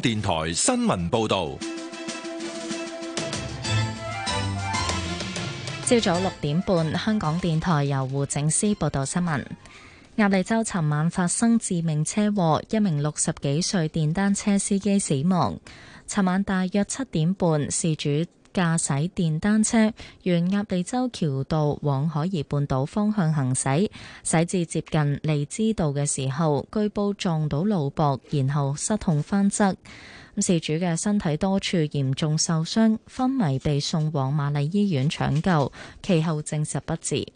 電台新聞報道：朝早六點半，香港電台由胡靜思報道新聞。鴨脷洲尋晚發生致命車禍，一名六十幾歲電單車司機死亡。尋晚大約七點半，事主，駕駛電單車沿鴨脷洲橋道往海怡半島方向行駛，駛至接近利枝道嘅時候，據報撞到路壆，然後失控翻側。事主嘅身體多處嚴重受傷，昏迷被送往瑪麗醫院搶救，其後證實不治。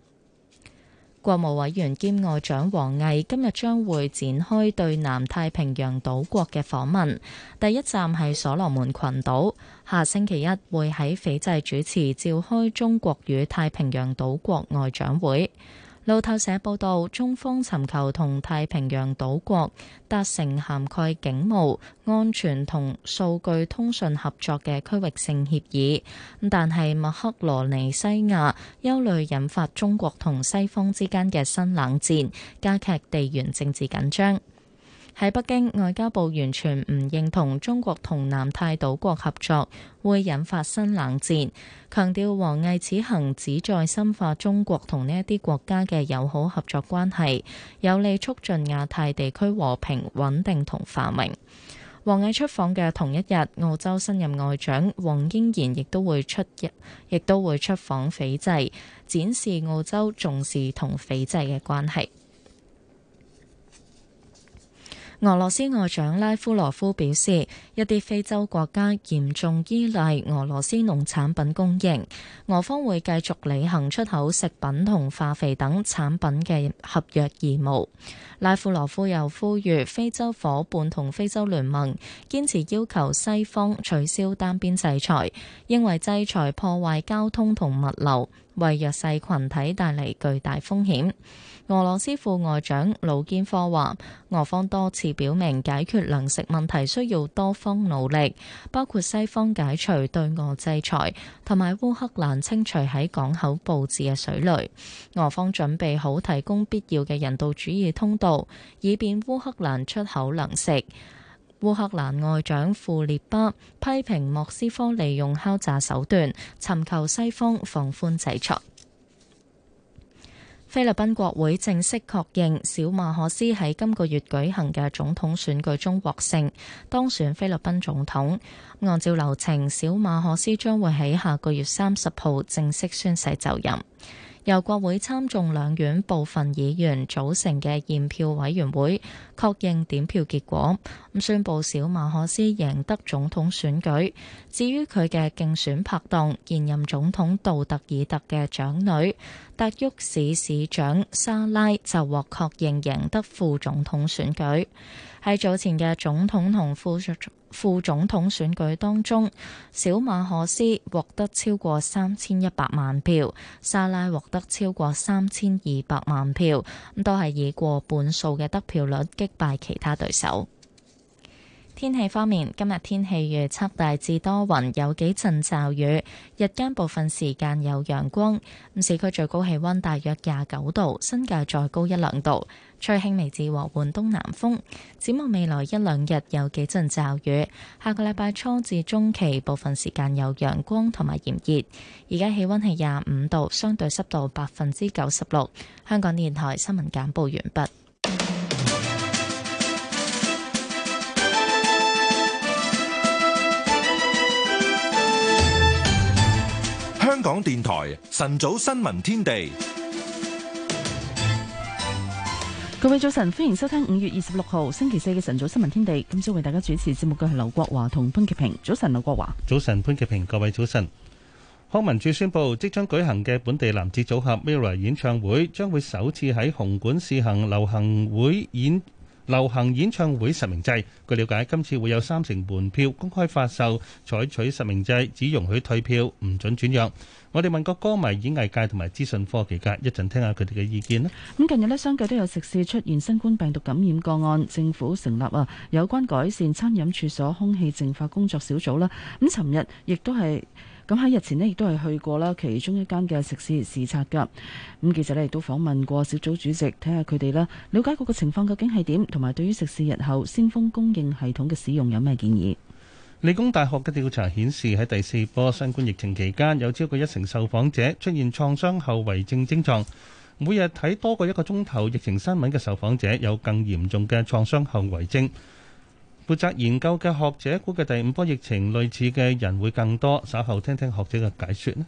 國務委員兼外長王毅今日將會展開對南太平洋島國嘅訪問，第一站係所羅門群島，下星期一會喺斐濟主持召開中國與太平洋島國外長會。路透社報道，中方尋求同太平洋島國達成涵蓋警務、安全同數據通訊合作嘅區域性協議，但係麥克羅尼西亞憂慮引發中國同西方之間嘅新冷戰加劇地緣政治緊張。喺北京，外交部完全唔認同中國同南太島國合作會引發新冷戰，強調王毅此行旨在深化中國同呢一啲國家嘅友好合作關係，有利促進亞太地區和平穩定同繁榮。王毅出訪嘅同一日，澳洲新任外長黃英賢亦都會出亦都會出訪斐濟，展示澳洲重視同斐濟嘅關係。俄羅斯外長拉夫羅夫表示，一啲非洲國家嚴重依賴俄羅斯農產品供應，俄方會繼續履行出口食品同化肥等產品嘅合約義務。拉夫羅夫又呼籲非洲伙伴同非洲聯盟堅持要求西方取消單邊制裁，認為制裁破壞交通同物流，為弱勢群體帶嚟巨大風險。俄羅斯副外長魯堅科話：俄方多次表明，解決糧食問題需要多方努力，包括西方解除對俄制裁同埋烏克蘭清除喺港口佈置嘅水雷。俄方準備好提供必要嘅人道主義通道，以便烏克蘭出口糧食。烏克蘭外長庫列巴批評莫斯科利用敲詐手段尋求西方放寬制裁。菲律賓國會正式確認小馬可斯喺今個月舉行嘅總統選舉中獲勝，當選菲律賓總統。按照流程，小馬可斯將會喺下個月三十號正式宣誓就任。由國會參眾兩院部分議員組成嘅驗票委員會確認點票結果，宣布小馬可斯贏得總統選舉。至於佢嘅競選拍檔，現任總統杜特爾特嘅長女、達沃市市長莎拉就獲確認贏得副總統選舉。喺早前嘅總統同副副總統選舉當中，小馬可斯獲得超過三千一百萬票，沙拉獲得超過三千二百萬票，都係以過半數嘅得票率擊敗其他對手。天氣方面，今日天氣預測大致多雲，有幾陣驟雨，日間部分時間有陽光。咁市區最高氣溫大約廿九度，新界再高一兩度，吹輕微至和緩東南風。展望未來一兩日有幾陣驟雨，下個禮拜初至中期部分時間有陽光同埋炎熱。而家氣溫係廿五度，相對濕度百分之九十六。香港電台新聞簡報完畢。香港電台晨早新聞天地，各位早晨，歡迎收聽五月二十六號星期四嘅晨早新聞天地。今朝為大家主持節目嘅係劉國華同潘潔平。早晨，劉國華，早晨，潘潔平，各位早晨。康文署宣布，即將舉行嘅本地男子組合 MIRROR 演唱會，將會首次喺紅館試行流行會演。流行演唱會實名制，據了解今次會有三成門票公開發售，採取實名制，只容許退票，唔准轉讓。我哋問過歌迷、演藝界同埋資訊科技界，一陣聽下佢哋嘅意見啦。咁近日咧，相繼都有食肆出現新冠病毒感染個案，政府成立啊有關改善餐飲處所空氣淨化工作小組啦。咁尋日亦都係。咁喺日前呢，亦都係去過啦，其中一間嘅食肆視察㗎。咁記者呢，亦都訪問過小組主席，睇下佢哋啦，了解嗰個情況究竟係點，同埋對於食肆日後鮮風供應系統嘅使用有咩建議。理工大學嘅調查顯示，喺第四波新冠疫情期間，有超過一成受訪者出現創傷後遺症症狀。每日睇多過一個鐘頭疫情新聞嘅受訪者，有更嚴重嘅創傷後遺症。負責研究嘅學者估計第五波疫情類似嘅人會更多，稍後聽聽學者嘅解說啦。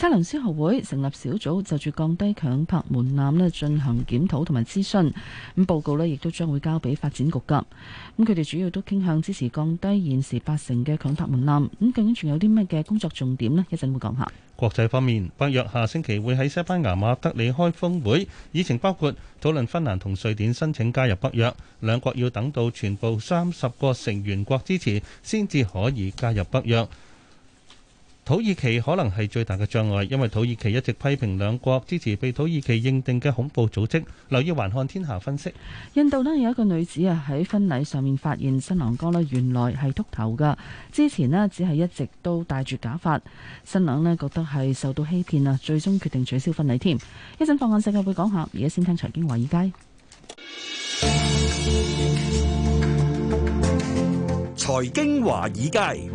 差餉消學會成立小組就住降低強拍門檻呢進行檢討同埋諮詢，咁報告呢亦都將會交俾發展局噶。咁佢哋主要都傾向支持降低現時八成嘅強拍門檻。咁究竟仲有啲咩嘅工作重點呢？一陣會講下。國際方面，北約下星期會喺西班牙馬德里開峰會，議程包括討論芬蘭同瑞典申請加入北約。兩國要等到全部三十個成員國支持先至可以加入北約。土耳其可能係最大嘅障礙，因為土耳其一直批評兩國支持被土耳其認定嘅恐怖組織。留意環看天下分析。印度呢有一個女子啊喺婚禮上面發現新郎哥呢原來係禿頭㗎，之前呢只係一直都戴住假髮。新郎呢覺得係受到欺騙啊，最終決定取消婚禮添。一陣放眼世界會講下，而家先聽財經華爾街。財經華爾街。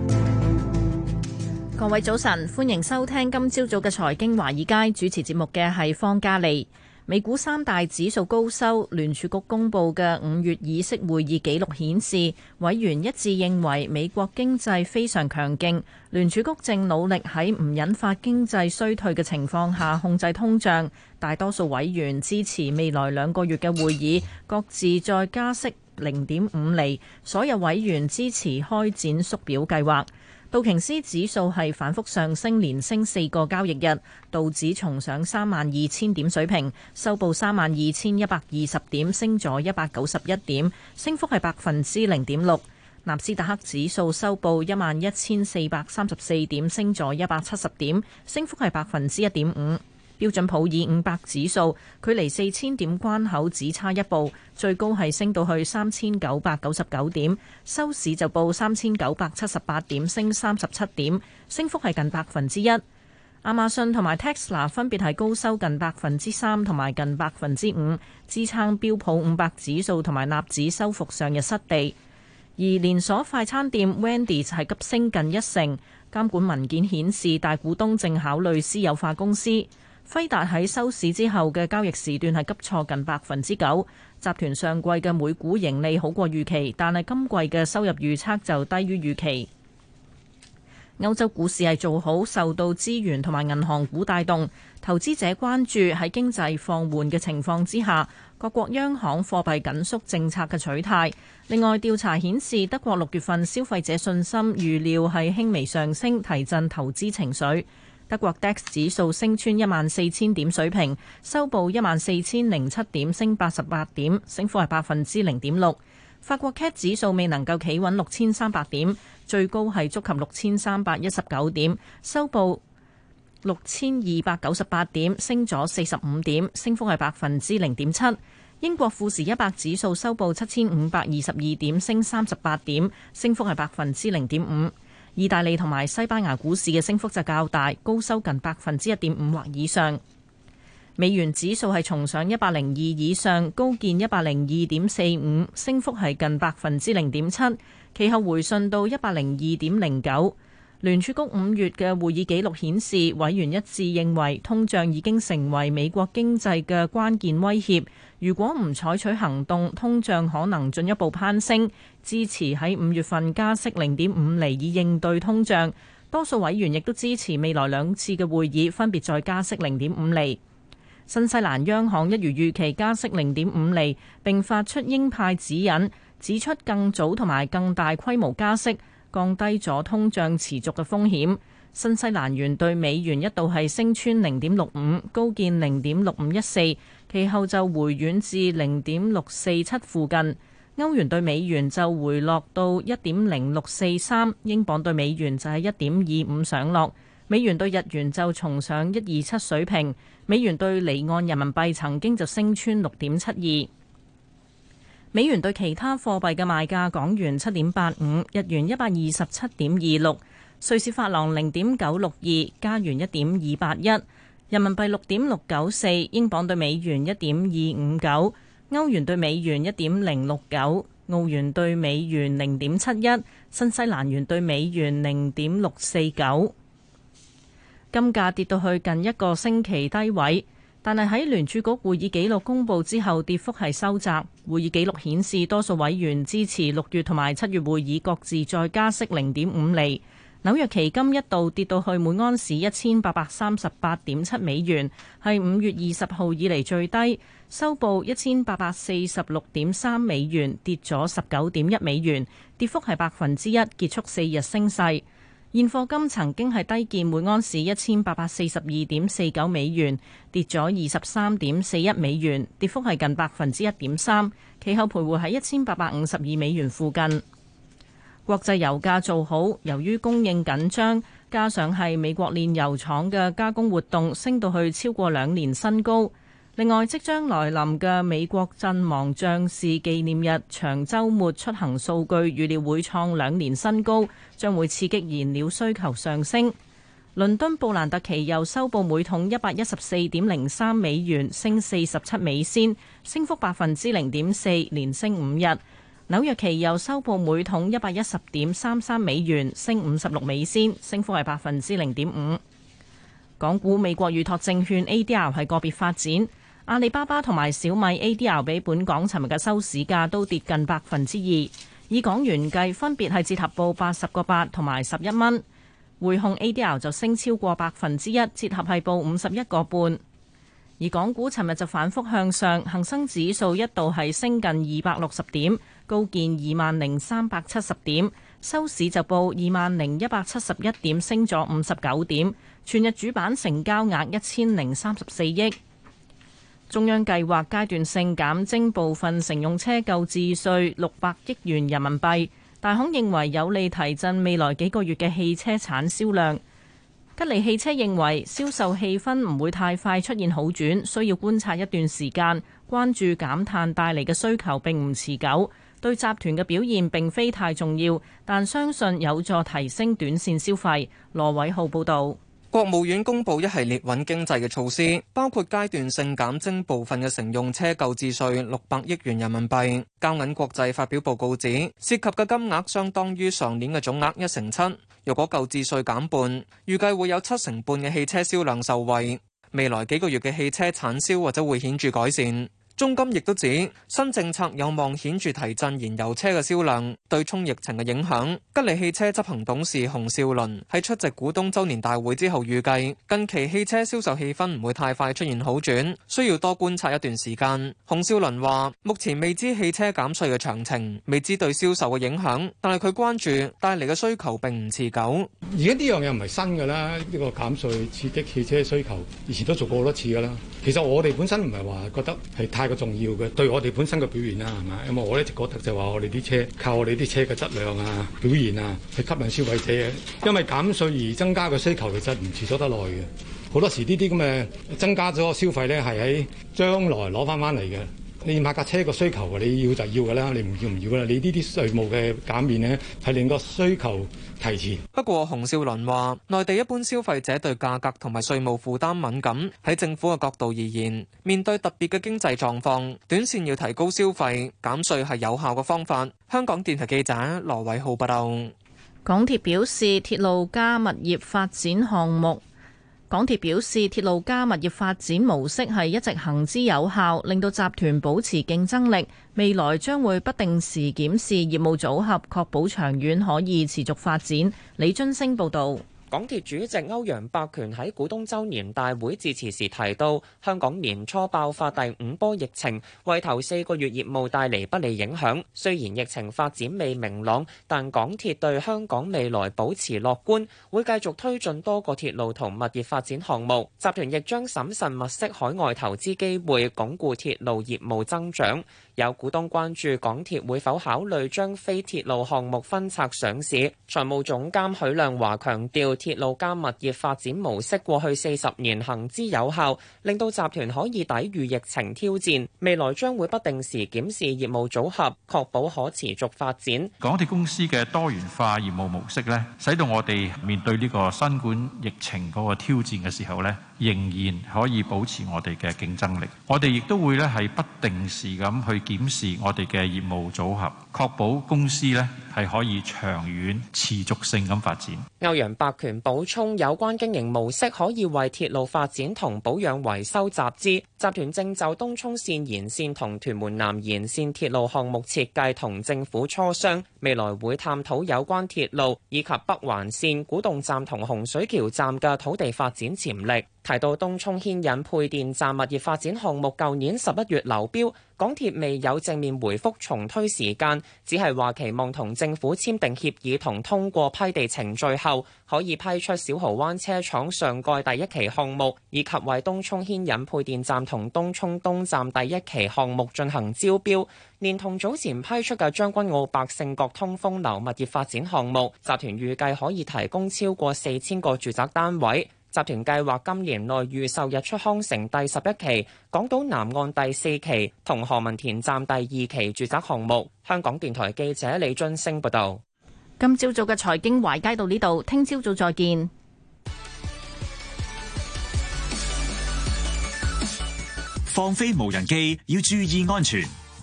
各位早晨，歡迎收聽今朝早嘅財經華爾街主持節目嘅係方嘉利。美股三大指數高收，聯儲局公布嘅五月議息會議記錄顯示，委員一致認為美國經濟非常強勁，聯儲局正努力喺唔引發經濟衰退嘅情況下控制通脹。大多數委員支持未來兩個月嘅會議，各自再加息零點五厘，所有委員支持開展縮表計劃。道瓊斯指數係反覆上升，連升四個交易日，道指重上三萬二千點水平，收報三萬二千一百二十點，升咗一百九十一點，升幅係百分之零點六。納斯達克指數收報一萬一千四百三十四點，升咗一百七十點，升幅係百分之一點五。標準普爾五百指數距離四千點關口只差一步，最高係升到去三千九百九十九點，收市就報三千九百七十八點，升三十七點，升幅係近百分之一。亞馬遜同埋 Tesla 分別係高收近百分之三同埋近百分之五，支撐標普五百指數同埋納指收復上日失地。而連鎖快餐店 Wendy 就係急升近一成，監管文件顯示大股東正考慮私有化公司。輝達喺收市之後嘅交易時段係急挫近百分之九。集團上季嘅每股盈利好過預期，但係今季嘅收入預測就低於預期。歐洲股市係做好，受到資源同埋銀行股帶動。投資者關注喺經濟放緩嘅情況之下，各國央行貨幣緊縮政策嘅取態。另外調查顯示，德國六月份消費者信心預料係輕微上升，提振投資情緒。德國 DAX 指數升穿一萬四千點水平，收報一萬四千零七點，升八十八點，升幅係百分之零點六。法國 CAC 指數未能夠企穩六千三百點，最高係觸及六千三百一十九點，收報六千二百九十八點，升咗四十五點，升幅係百分之零點七。英國富時一百指數收報七千五百二十二點，升三十八點，升幅係百分之零點五。意大利同埋西班牙股市嘅升幅就較大，高收近百分之一點五或以上。美元指數係重上一百零二以上，高見一百零二點四五，升幅係近百分之零點七，其後回順到一百零二點零九。聯儲局五月嘅會議記錄顯示，委員一致認為通脹已經成為美國經濟嘅關鍵威脅。如果唔採取行動，通脹可能進一步攀升。支持喺五月份加息零點五厘以應對通脹，多數委員亦都支持未來兩次嘅會議分別再加息零點五厘。新西蘭央行一如預期加息零點五厘，並發出鷹派指引，指出更早同埋更大規模加息，降低咗通脹持續嘅風險。新西蘭元對美元一度係升穿零點六五，高見零點六五一四。其後就回軟至零點六四七附近，歐元兌美元就回落到一點零六四三，英鎊兌美元就喺一點二五上落，美元兌日元就重上一二七水平，美元兌離岸人民幣曾經就升穿六點七二，美元對其他貨幣嘅賣價，港元七點八五，日元一百二十七點二六，瑞士法郎零點九六二，加元一點二八一。人民幣六點六九四，英鎊兌美元一點二五九，歐元兌美元一點零六九，澳元兌美元零點七一，新西蘭元兌美元零點六四九。金價跌到去近一個星期低位，但係喺聯儲局會議紀錄公布之後，跌幅係收窄。會議紀錄顯示，多數委員支持六月同埋七月會議各自再加息零點五厘。紐約期金一度跌到去每盎司一千八百三十八點七美元，係五月二十號以嚟最低，收報一千八百四十六點三美元，跌咗十九點一美元，跌幅係百分之一，結束四日升勢。現貨金曾經係低見每盎司一千八百四十二點四九美元，跌咗二十三點四一美元，跌幅係近百分之一點三，其後徘徊喺一千八百五十二美元附近。國際油價做好，由於供應緊張，加上係美國煉油廠嘅加工活動升到去超過兩年新高。另外，即將來臨嘅美國陣亡將士紀念日長週末出行數據預料會創兩年新高，將會刺激燃料需求上升。倫敦布蘭特期油收報每桶一百一十四點零三美元，升四十七美仙，升幅百分之零點四，連升五日。紐約期油收報每桶一百一十點三三美元，升五十六美仙，升幅係百分之零點五。港股美國預託證券 ADR 係個別發展，阿里巴巴同埋小米 ADR 比本港尋日嘅收市價都跌近百分之二，以港元計分別係折合報八十個八同埋十一蚊。匯控 ADR 就升超過百分之一，折合係報五十一個半。而港股尋日就反覆向上，恒生指數一度係升近二百六十點。高見二萬零三百七十點，收市就報二萬零一百七十一點，升咗五十九點。全日主板成交額一千零三十四億。中央計劃，階段性減徵部分乘用車購置稅六百億元人民幣，大行認為有利提振未來幾個月嘅汽車產銷量。吉利汽車認為銷售氣氛唔會太快出現好轉，需要觀察一段時間，關注減碳帶嚟嘅需求並唔持久，對集團嘅表現並非太重要，但相信有助提升短線消費。羅偉浩報道，國務院公布一系列穩經濟嘅措施，包括階段性減徵部分嘅乘用車購置稅六百億元人民幣。交銀國際發表報告指，涉及嘅金額相當於上年嘅總額一成七。若果購置稅減半，預計會有七成半嘅汽車銷量受惠。未來幾個月嘅汽車產銷或者會顯著改善。中金亦都指新政策有望顯著提振燃油車嘅銷量，對沖疫情嘅影響。吉利汽車執行董事洪少倫喺出席股東周年大會之後預計，近期汽車銷售氣氛唔會太快出現好轉，需要多觀察一段時間。洪少倫話，目前未知汽車減稅嘅詳情，未知對銷售嘅影響，但係，佢關注帶嚟嘅需求並唔持久。而家呢樣嘢唔係新㗎啦，呢個減稅刺激汽車需求，以前都做過好多次㗎啦。其實，我哋本身唔係話覺得係太。係個重要嘅對我哋本身嘅表現啦，係嘛？因為我一直覺得就話我哋啲車靠我哋啲車嘅質量啊、表現啊，去吸引消費者。因為減稅而增加嘅需求，其實唔持續得耐嘅。好多時呢啲咁嘅增加咗消費咧，係喺將來攞翻翻嚟嘅。你買架車個需求，你要就要嘅啦，你唔要唔要嘅啦。你呢啲稅務嘅減免呢，係令個需求提前。不過，洪少麟話，內地一般消費者對價格同埋稅務負擔敏感。喺政府嘅角度而言，面對特別嘅經濟狀況，短線要提高消費，減稅係有效嘅方法。香港電台記者羅偉浩報道。港鐵表示，鐵路加物業發展項目。港鐵表示，鐵路加物業發展模式係一直行之有效，令到集團保持競爭力。未來將會不定時檢視業務組合，確保長遠可以持續發展。李津升報導。港鐵主席歐陽伯權喺股東周年大會致辭時提到，香港年初爆發第五波疫情，為頭四個月業務帶嚟不利影響。雖然疫情發展未明朗，但港鐵對香港未來保持樂觀，會繼續推進多個鐵路同物業發展項目。集團亦將審慎物色海外投資機會，鞏固鐵路業務增長。有股東關注港鐵會否考慮將非鐵路項目分拆上市。財務總監許亮華強調，鐵路加物業發展模式過去四十年行之有效，令到集團可以抵禦疫情挑戰。未來將會不定時檢視業務組合，確保可持續發展。港鐵公司嘅多元化業務模式呢，使到我哋面對呢個新冠疫情嗰個挑戰嘅時候呢，仍然可以保持我哋嘅競爭力。我哋亦都會咧係不定時咁去檢視我哋嘅業務組合。確保公司咧係可以長遠持續性咁發展。歐陽伯權補充有關經營模式可以為鐵路發展同保養維修集資。集團正就東涌線延線同屯門南延線鐵路項目設計同政府磋商，未來會探討有關鐵路以及北環線古洞站同洪水橋站嘅土地發展潛力。提到東涌牽引配電站物業發展項目，舊年十一月流標。港鐵未有正面回覆重推時間，只係話期望同政府簽訂協議同通過批地程序後，可以批出小濠灣車廠上蓋第一期項目，以及為東涌牽引配電站同東涌東站第一期項目進行招標，連同早前批出嘅將軍澳百勝角通風樓物業發展項目，集團預計可以提供超過四千個住宅單位。集團計劃今年內預售日出康城第十一期、港島南岸第四期同何文田站第二期住宅項目。香港電台記者李津升報道。今朝早嘅財經懷街到呢度，聽朝早再見。放飛無人機要注意安全。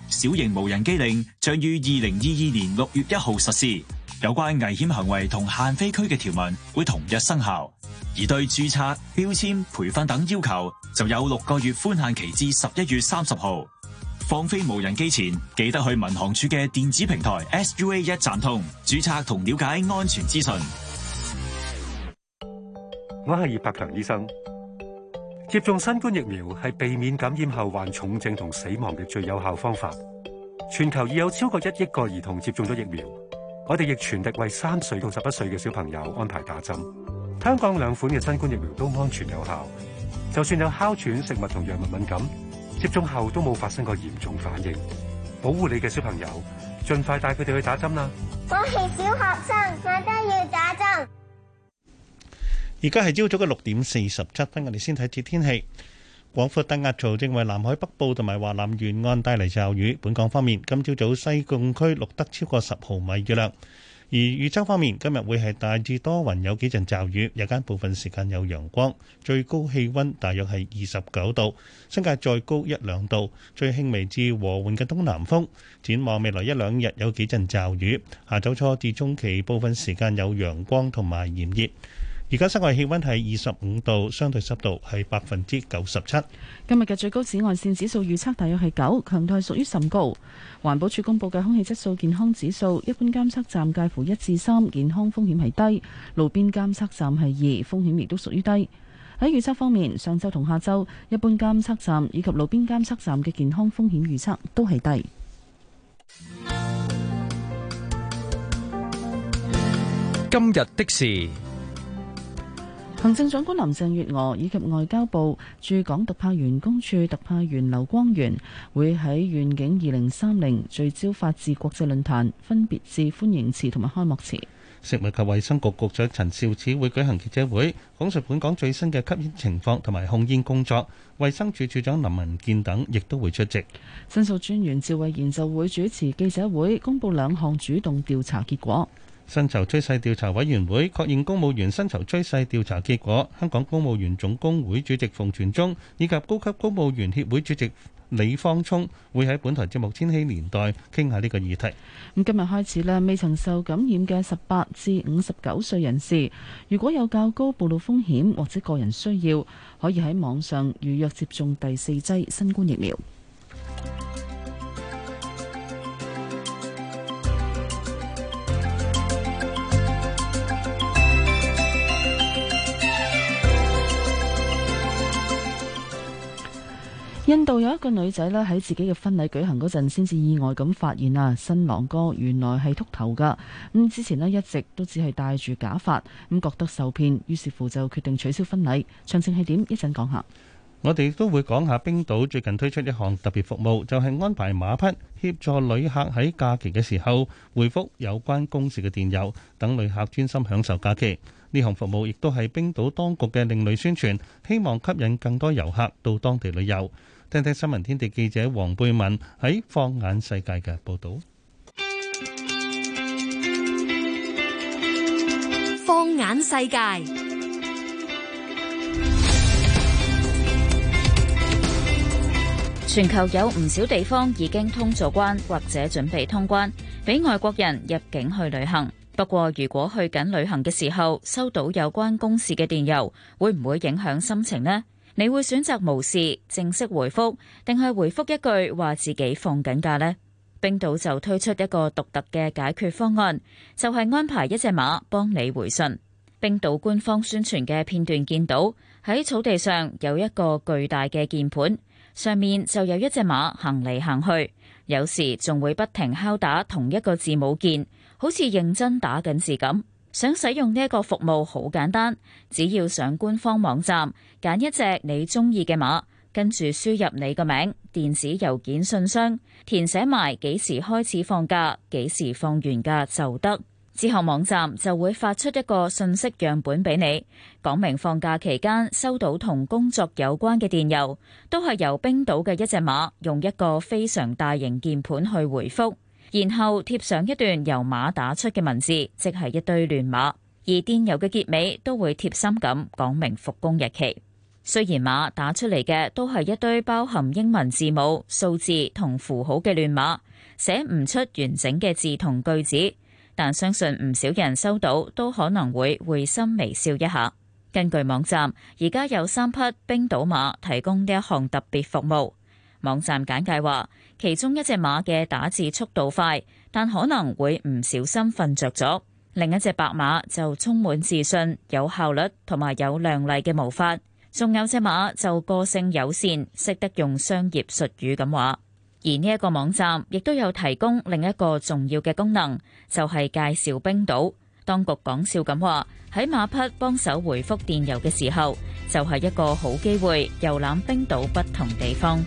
小型無人機令將於二零二二年六月一號實施，有關危險行為同限飛區嘅條文會同日生效。而對注冊、標籤、培訓等要求，就有六個月寬限期至十一月三十號。放飛無人機前，記得去民航處嘅電子平台 SUA 一站通註冊同了解安全資訊。我係葉柏強醫生，接種新冠疫苗係避免感染後患重症同死亡嘅最有效方法。全球已有超過一億個兒童接種咗疫苗，我哋亦全力為三歲到十一歲嘅小朋友安排打針。香港兩款嘅新冠疫苗都安全有效，就算有哮喘、食物同藥物敏感，接種後都冇發生過嚴重反應。保護你嘅小朋友，盡快帶佢哋去打針啦！我係小學生，我都要打針。而家係朝早嘅六點四十七分，我哋先睇節天氣。廣闊低壓槽正為南海北部同埋華南沿岸帶嚟驟雨。本港方面，今朝早西貢區錄得超過十毫米雨量。而預測方面，今日會係大致多雲，有幾陣驟雨，日間部分時間有陽光，最高氣溫大約係二十九度，新界再高一兩度，最輕微至和緩嘅東南風。展望未來一兩日有幾陣驟雨，下晝初，初至中期部分時間有陽光同埋炎熱。而家室外氣溫係二十五度，相對濕度係百分之九十七。今日嘅最高紫外綫指數預測大約係九，強度屬於甚高。環保署公布嘅空氣質素健康指數，一般監測站介乎一至三，健康風險係低；路邊監測站係二，風險亦都屬於低。喺預測方面，上周同下周，一般監測站以及路邊監測站嘅健康風險預測都係低。今日的事。行政長官林鄭月娥以及外交部駐港特派員公署特派員劉光源會喺《願景二零三零聚焦法治國際論壇》分別致歡迎詞同埋開幕詞。食物及衛生局局長陳肇始會舉行記者會，講述本港最新嘅吸煙情況同埋控煙工作。衛生署署長林文健等亦都會出席。申訴專員趙慧賢就會主持記者會，公布兩項主動調查結果。薪酬趨勢調查委員會確認公務員薪酬趨勢調查結果。香港公務員總工會主席馮傳忠以及高級公務員協會主席李方聰會喺本台節目《千禧年代》傾下呢個議題。咁今日開始咧，未曾受感染嘅十八至五十九歲人士，如果有較高暴露風險或者個人需要，可以喺網上預約接種第四劑新冠疫苗。印度有一個女仔咧，喺自己嘅婚禮舉行嗰陣，先至意外咁發現啊，新郎哥原來係禿頭㗎。咁之前咧一直都只係戴住假髮，咁覺得受騙，於是乎就決定取消婚禮。詳情係點？講一陣講下。我哋亦都會講下冰島最近推出一項特別服務，就係安排馬匹協助旅客喺假期嘅時候回覆有關公事嘅電郵，等旅客專心享受假期。呢項服務亦都係冰島當局嘅另類宣傳，希望吸引更多遊客到當地旅遊。聽聽新聞天地記者黃貝敏喺《放眼世界》嘅報導。《放眼世界》。全球有唔少地方已經通咗關，或者準備通關，俾外國人入境去旅行。不過，如果去緊旅行嘅時候收到有關公事嘅電郵，會唔會影響心情呢？你會選擇無視、正式回覆，定係回覆一句話自己放緊假呢？冰島就推出一個獨特嘅解決方案，就係安排一隻馬幫你回信。冰島官方宣傳嘅片段見到喺草地上有一個巨大嘅鍵盤。上面就有一隻馬行嚟行去，有時仲會不停敲打同一個字母鍵，好似認真打緊字咁。想使用呢一個服務好簡單，只要上官方網站，揀一隻你中意嘅馬，跟住輸入你個名、電子郵件信箱，填寫埋幾時開始放假、幾時放完假就得。之後網站就會發出一個信息樣本俾你，講明放假期間收到同工作有關嘅電郵，都係由冰島嘅一隻馬用一個非常大型鍵盤去回覆，然後貼上一段由馬打出嘅文字，即係一堆亂碼。而電郵嘅結尾都會貼心咁講明復工日期。雖然馬打出嚟嘅都係一堆包含英文字母、數字同符號嘅亂碼，寫唔出完整嘅字同句子。但相信唔少人收到都可能會會心微笑一下。根據網站，而家有三匹冰島馬提供呢一項特別服務，網站簡介話其中一隻馬嘅打字速度快，但可能會唔小心瞓着咗，另一隻白馬就充滿自信，有效率同埋有亮麗嘅毛髮，仲有隻馬就個性友善，識得用商業術語咁話。而呢一個網站亦都有提供另一個重要嘅功能，就係介紹冰島。當局講笑咁話：喺馬匹幫手回覆電郵嘅時候，就係一個好機會遊覽冰島不同地方。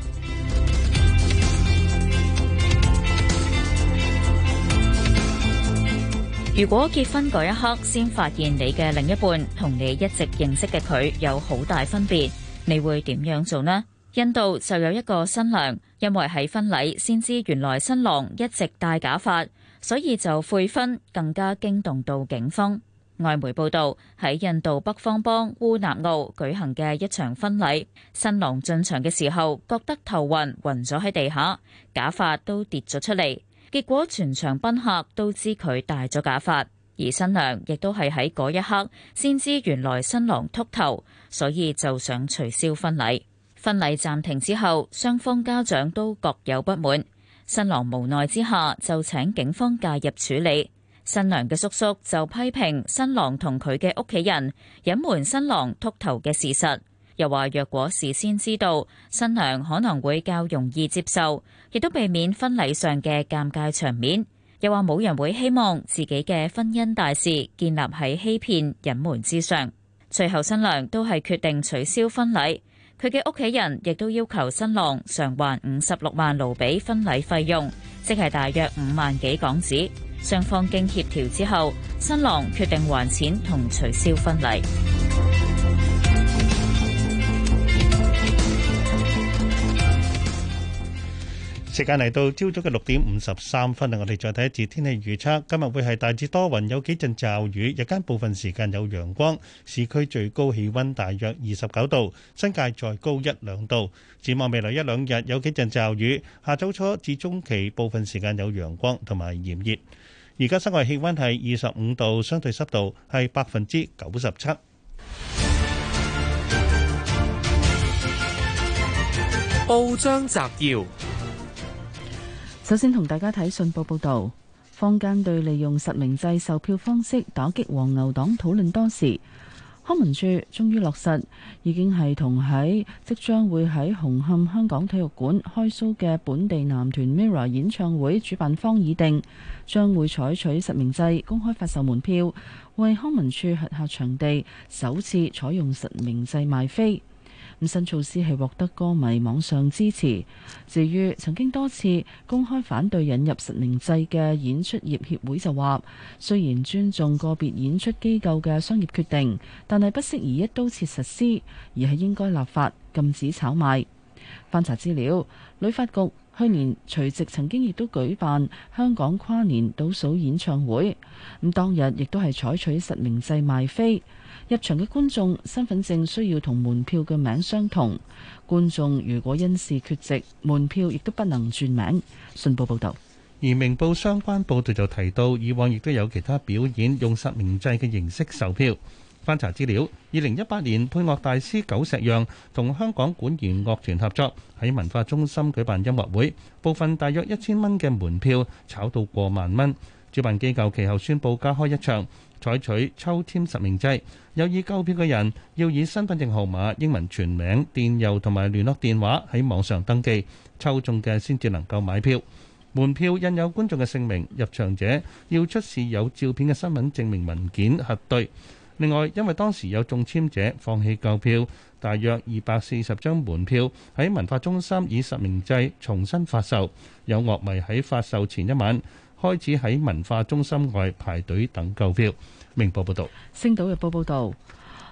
如果結婚嗰一刻先發現你嘅另一半同你一直認識嘅佢有好大分別，你會點樣做呢？印度就有一個新娘，因為喺婚禮先知原來新郎一直戴假髮，所以就悔婚，更加驚動到警方。外媒報導喺印度北方邦烏納奧舉行嘅一場婚禮，新郎進場嘅時候覺得頭暈，暈咗喺地下，假髮都跌咗出嚟。結果全場賓客都知佢戴咗假髮，而新娘亦都係喺嗰一刻先知原來新郎禿頭，所以就想取消婚禮。婚禮暫停之後，雙方家長都各有不滿。新郎無奈之下就請警方介入處理。新娘嘅叔叔就批評新郎同佢嘅屋企人隱瞞新郎禿頭嘅事實，又話若果事先知道，新娘可能會較容易接受，亦都避免婚禮上嘅尷尬場面。又話冇人會希望自己嘅婚姻大事建立喺欺騙隱瞞之上。最後，新娘都係決定取消婚禮。佢嘅屋企人亦都要求新郎償還五十六萬盧比婚禮費用，即係大約五萬幾港紙。雙方經協調之後，新郎決定還錢同取消婚禮。時間嚟到朝早嘅六點五十三分啊！我哋再睇一次天氣預測，今日會係大致多雲，有幾陣驟雨，日間部分時間有陽光，市區最高氣溫大約二十九度，新界再高一兩度。展望未來一兩日有幾陣驟雨，下周初至中期部分時間有陽光同埋炎熱。而家室外氣溫係二十五度，相對濕度係百分之九十七。報章摘要。首先同大家睇信報報道，坊間對利用實名制售票方式打擊黃牛黨討論多時，康文署終於落實，已經係同喺即將會喺紅磡香港體育館開 show 嘅本地男團 Mirror 演唱會主辦方已定，將會採取實名制公開發售門票，為康文署轄下場地，首次採用實名制賣飛。咁新措施係獲得歌迷網上支持。至於曾經多次公開反對引入實名制嘅演出業協會就話，雖然尊重個別演出機構嘅商業決定，但係不適宜一刀切實施，而係應該立法禁止炒賣。翻查資料，旅發局去年除夕曾經亦都舉辦香港跨年倒數演唱會，咁當日亦都係採取實名制賣飛。入場嘅觀眾身份證需要同門票嘅名相同。觀眾如果因事缺席，門票亦都不能轉名。信報報導。而明報相關報導就提到，以往亦都有其他表演用實名制嘅形式售票。翻查資料，二零一八年配樂大師久石讓同香港管弦樂團合作喺文化中心舉辦音樂會，部分大約一千蚊嘅門票炒到過萬蚊。主辦機構其後宣布加開一場，採取抽籤實名制。有意購票嘅人要以身份證號碼、英文全名、電郵同埋聯絡電話喺網上登記，抽中嘅先至能夠買票。門票印有觀眾嘅姓名，入場者要出示有照片嘅身份證明文件核對。另外，因為當時有中籤者放棄購票，大約二百四十張門票喺文化中心以實名制重新發售。有樂迷喺發售前一晚，開始喺文化中心外排隊等購票。明報報道，星島日報報道，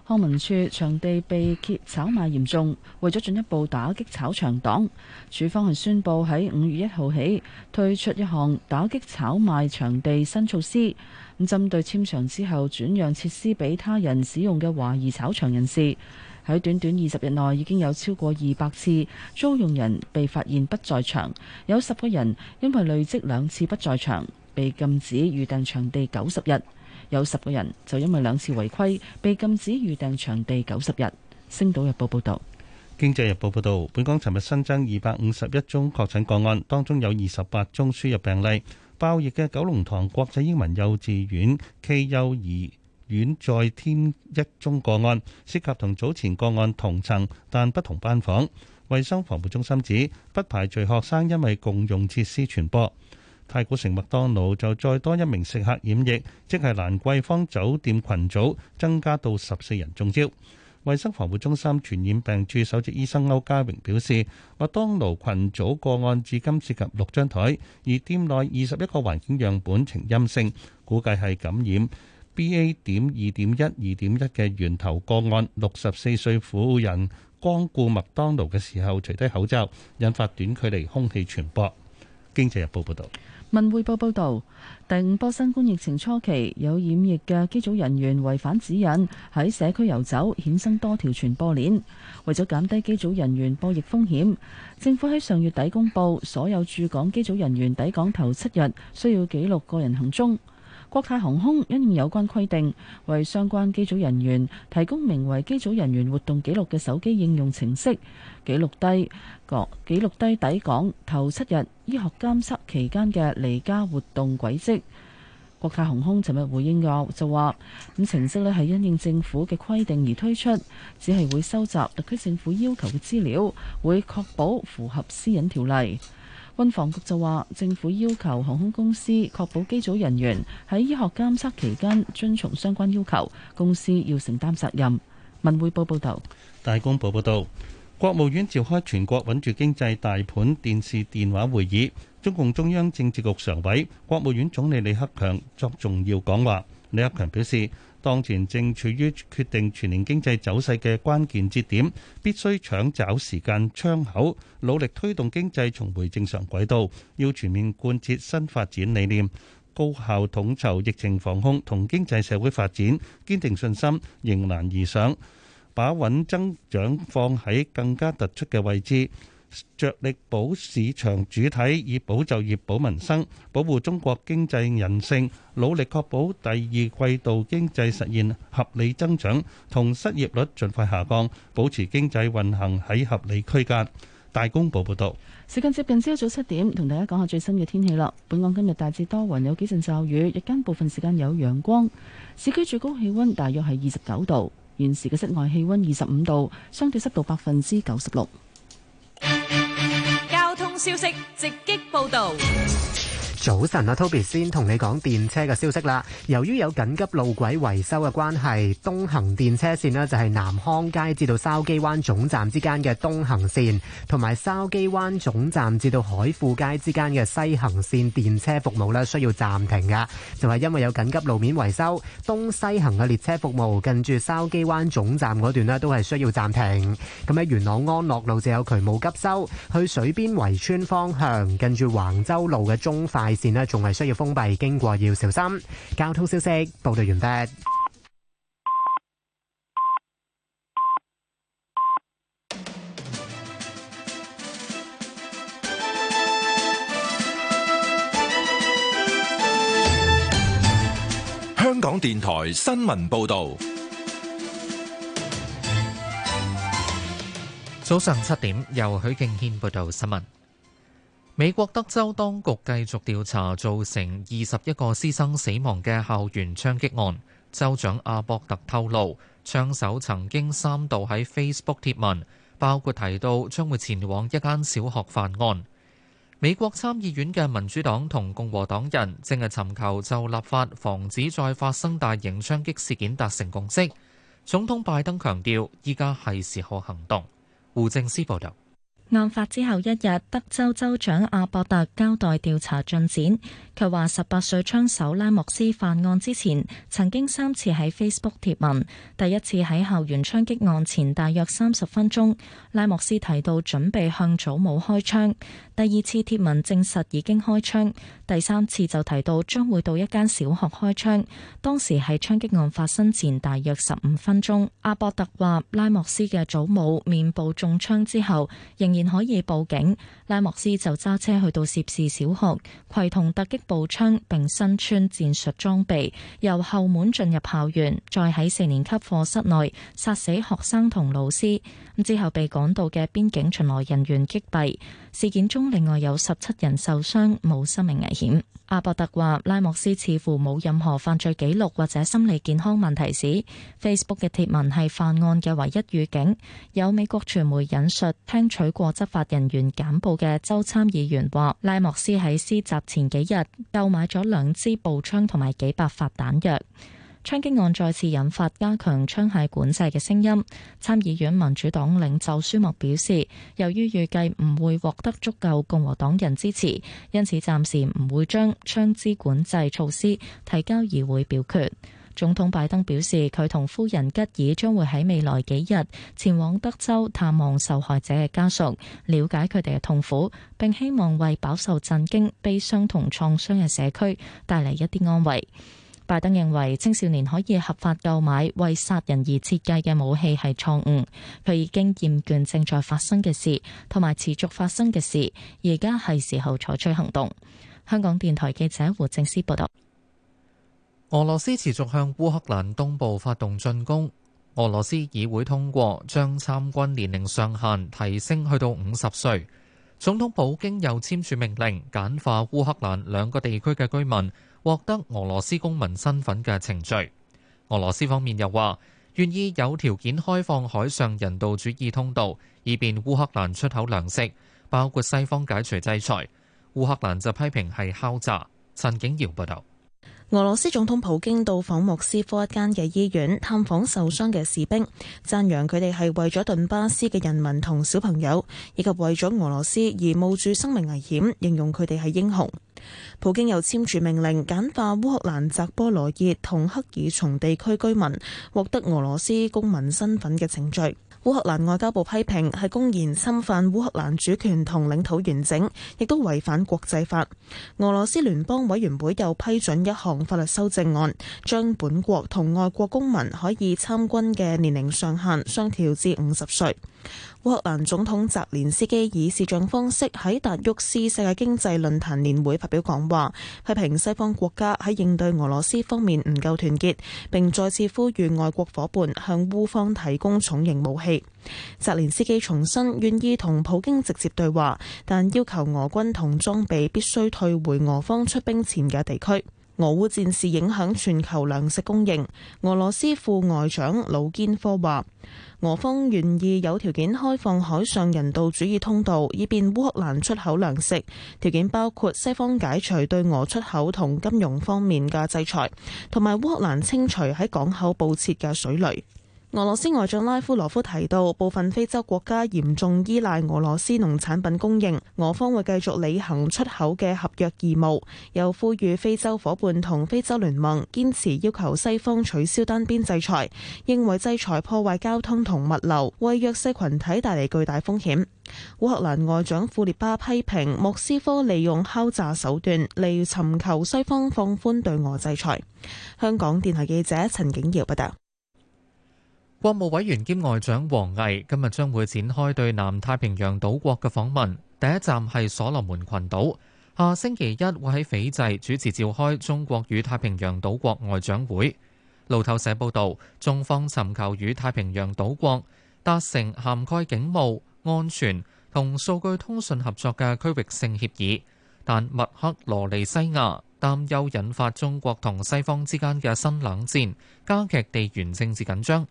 康文署場地被揭炒賣嚴重，為咗進一步打擊炒場黨，署方係宣布喺五月一號起推出一項打擊炒賣場地新措施。咁針對簽場之後轉讓設施俾他人使用嘅懷疑炒場人士。喺短短二十日內已經有超過二百次租用人被發現不在場，有十個人因為累積兩次不在場被禁止預訂場地九十日，有十個人就因為兩次違規被禁止預訂場地九十日。星島日報報道。《經濟日報》報道，本港尋日新增二百五十一宗確診個案，當中有二十八宗輸入病例。爆疫嘅九龍塘國際英文幼稚園 K2 幼兒。院再添一宗個案，涉及同早前個案同層但不同班房。衛生防護中心指不排除學生因為共用設施傳播。太古城麥當勞就再多一名食客染疫，即係蘭桂坊酒店羣組增加到十四人中招。衛生防護中心傳染病處首席醫生歐家榮表示，麥當勞羣組個案至今涉及六張台，而店內二十一個環境樣本呈陰性，估計係感染。B A 點二點一二點一嘅源頭個案，六十四歲婦人光顧麥當勞嘅時候除低口罩，引發短距離空氣傳播。經濟日報報道。《文匯報》報導，第五波新冠疫情初期有染疫嘅機組人員違反指引喺社區遊走，衍生多條傳播鏈。為咗減低機組人員播疫風險，政府喺上月底公布，所有駐港機組人員抵港頭七日需要記錄個人行蹤。國泰航空因應有關規定，為相關機組人員提供名為《機組人員活動記錄》嘅手機應用程式，記錄低各記錄低抵港頭七日醫學監測期間嘅離家活動軌跡。國泰航空尋日回應話，就話咁程式呢係因應政府嘅規定而推出，只係會收集特區政府要求嘅資料，會確保符合私隱條例。運房局就話，政府要求航空公司確保機組人員喺醫學監測期間遵從相關要求，公司要承擔責任。文匯報報道，大公報報道，國務院召開全國穩住經濟大盤電視電話會議，中共中央政治局常委、國務院總理李克強作重要講話。李克強表示，當前正處於決定全年經濟走勢嘅關鍵節點，必須搶找時間窗口，努力推動經濟重回正常軌道。要全面貫徹新發展理念，高效統籌疫情防控同經濟社會發展，堅定信心，迎難而上，把穩增長放喺更加突出嘅位置。着力保市場主體，以保就業、保民生、保護中國經濟韌性，努力確保第二季度經濟實現合理增長，同失業率盡快下降，保持經濟運行喺合理區間。大公報報導，時間接近朝早七點，同大家講下最新嘅天氣啦。本港今日大致多雲，有幾陣驟雨，日間部分時間有陽光。市區最高氣温大約係二十九度，現時嘅室外氣温二十五度，相對濕度百分之九十六。交通消息，直擊報道。早晨啊，Toby 先同你講電車嘅消息啦。由於有緊急路軌維修嘅關係，東行電車線咧就係南康街至到筲箕灣總站之間嘅東行線，同埋筲箕灣總站至到海富街之間嘅西行線電車服務咧需要暫停嘅，就係因為有緊急路面維修，東西行嘅列車服務近住筲箕灣總站嗰段咧都係需要暫停。咁喺元朗安樂路就有渠務急修，去水邊圍村方向，近住橫洲路嘅中快線呢仲係需要封閉，經過要小心。交通消息報道完畢。香港電台新聞報道。早上七點，由許敬軒報道新聞。美國德州當局繼續調查造成二十一個師生死亡嘅校園槍擊案。州長阿博特透露，槍手曾經三度喺 Facebook 貼文，包括提到將會前往一間小學犯案。美國參議院嘅民主黨同共和黨人正係尋求就立法防止再發生大型槍擊事件達成共識。總統拜登強調，依家係時候行動。胡政思報道。案發之後一日，德州州長阿伯特交代調查進展。佢話：十八歲槍手拉莫斯犯案之前，曾經三次喺 Facebook 貼文。第一次喺校園槍擊案前大約三十分鐘，拉莫斯提到準備向祖母開槍。第二次貼文證實已經開槍。第三次就提到將會到一間小學開槍，當時係槍擊案發生前大約十五分鐘。阿伯特話，拉莫斯嘅祖母面部中槍之後，仍然可以報警。拉莫斯就揸車去到涉事小學，攜同突擊步槍並身穿戰術裝備，由後門進入校園，再喺四年級課室內殺死學生同老師，之後被趕到嘅邊境巡邏人員擊斃。事件中，另外有十七人受傷，冇生命危險。阿伯特話，拉莫斯似乎冇任何犯罪記錄或者心理健康問題時，Facebook 嘅貼文係犯案嘅唯一預警。有美國傳媒引述聽取過執法人員簡報嘅州參議員話，拉莫斯喺施襲前幾日購買咗兩支步槍同埋幾百發彈藥。槍擊案再次引發加強槍械管制嘅聲音。參議院民主黨領袖舒默表示，由於預計唔會獲得足夠共和黨人支持，因此暫時唔會將槍支管制措施提交議會表決。總統拜登表示，佢同夫人吉爾將會喺未來幾日前往德州探望受害者嘅家屬，了解佢哋嘅痛苦，並希望為飽受震驚、悲傷同創傷嘅社區帶嚟一啲安慰。拜登認為青少年可以合法購買為殺人而設計嘅武器係錯誤。佢已經厭倦正在發生嘅事，同埋持續發生嘅事，而家係時候採取行動。香港電台記者胡正思報道。俄羅斯持續向烏克蘭東部發動進攻。俄羅斯議會通過將參軍年齡上限提升去到五十歲。總統普京又簽署命令簡化烏克蘭兩個地區嘅居民獲得俄羅斯公民身份嘅程序，俄羅斯方面又話願意有條件開放海上人道主義通道，以便烏克蘭出口糧食，包括西方解除制裁。烏克蘭就批評係敲詐。陳景堯報道。俄羅斯總統普京到訪莫斯科一間嘅醫院探訪受傷嘅士兵，讚揚佢哋係為咗頓巴斯嘅人民同小朋友，以及為咗俄羅斯而冒住生命危險，形容佢哋係英雄。普京又簽署命令，簡化烏克蘭扎波羅熱同克爾松地區居民獲得俄羅斯公民身份嘅程序。烏克蘭外交部批評係公然侵犯烏克蘭主權同領土完整，亦都違反國際法。俄羅斯聯邦委員會又批准一項法律修正案，將本國同外國公民可以參軍嘅年齡上限上調至五十歲。烏克蘭總統澤連斯基以視像方式喺達沃斯世界經濟論壇年會發表講話，批評西方國家喺應對俄羅斯方面唔夠團結，並再次呼籲外國夥伴向烏方提供重型武器。澤連斯基重申願意同普京直接對話，但要求俄軍同裝備必須退回俄方出兵前嘅地區。俄烏戰事影響全球糧食供應，俄羅斯副外長魯堅科話。俄方願意有條件開放海上人道主義通道，以便烏克蘭出口糧食。條件包括西方解除對俄出口同金融方面嘅制裁，同埋烏克蘭清除喺港口佈設嘅水雷。俄羅斯外長拉夫羅夫提到，部分非洲國家嚴重依賴俄羅斯農產品供應，俄方會繼續履行出口嘅合約義務。又呼籲非洲伙伴同非洲聯盟堅持要求西方取消單邊制裁，認為制裁破壞交通同物流，為弱勢群體帶嚟巨大風險。烏克蘭外長庫列巴批評莫斯科利用敲詐手段嚟尋求西方放寬對俄制裁。香港電台記者陳景瑤報道。國務委員兼外長王毅今日將會展開對南太平洋島國嘅訪問，第一站係所羅門群島。下星期一會喺斐濟主持召開中國與太平洋島國外長會。路透社報道，中方尋求與太平洋島國達成涵蓋警務、安全同數據通訊合作嘅區域性協議，但麥克羅尼西亞擔憂引發中國同西方之間嘅新冷戰，加劇地緣政治緊張。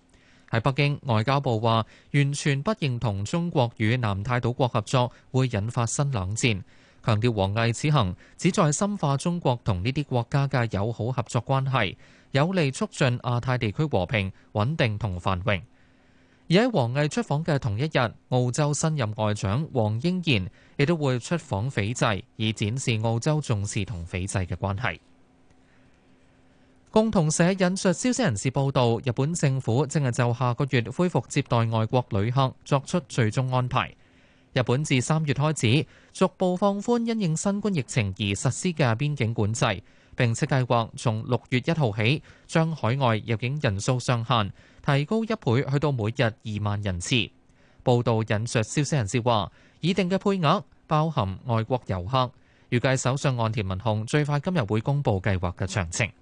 喺北京，外交部話完全不認同中國與南太島國合作會引發新冷戰，強調王毅此行旨在深化中國同呢啲國家嘅友好合作關係，有利促進亞太地區和平穩定同繁榮。而喺王毅出訪嘅同一日，澳洲新任外長黃英賢亦都會出訪斐濟，以展示澳洲重視同斐濟嘅關係。共同社引述消息人士報道，日本政府正係就下個月恢復接待外國旅客作出最終安排。日本自三月開始逐步放寬因應新冠疫情而實施嘅邊境管制，並且計劃從六月一號起將海外入境人數上限提高一倍，去到每日二萬人次。報道引述消息人士話，擬定嘅配額包含外國遊客。預計首相岸田文雄最快今日會公布計劃嘅詳情。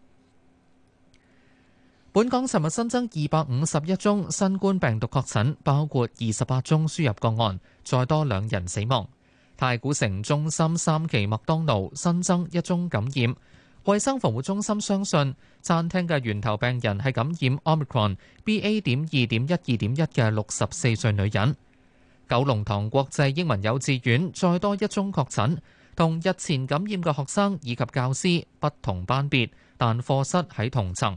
本港尋日新增二百五十一宗新冠病毒確診，包括二十八宗輸入個案，再多兩人死亡。太古城中心三期麥當勞新增一宗感染，衛生防護中心相信餐廳嘅源頭病人係感染 Omicron BA. 點二點一二點一嘅六十四歲女人。九龍塘國際英文幼稚園再多一宗確診，同日前感染嘅學生以及教師不同班別，但課室喺同層。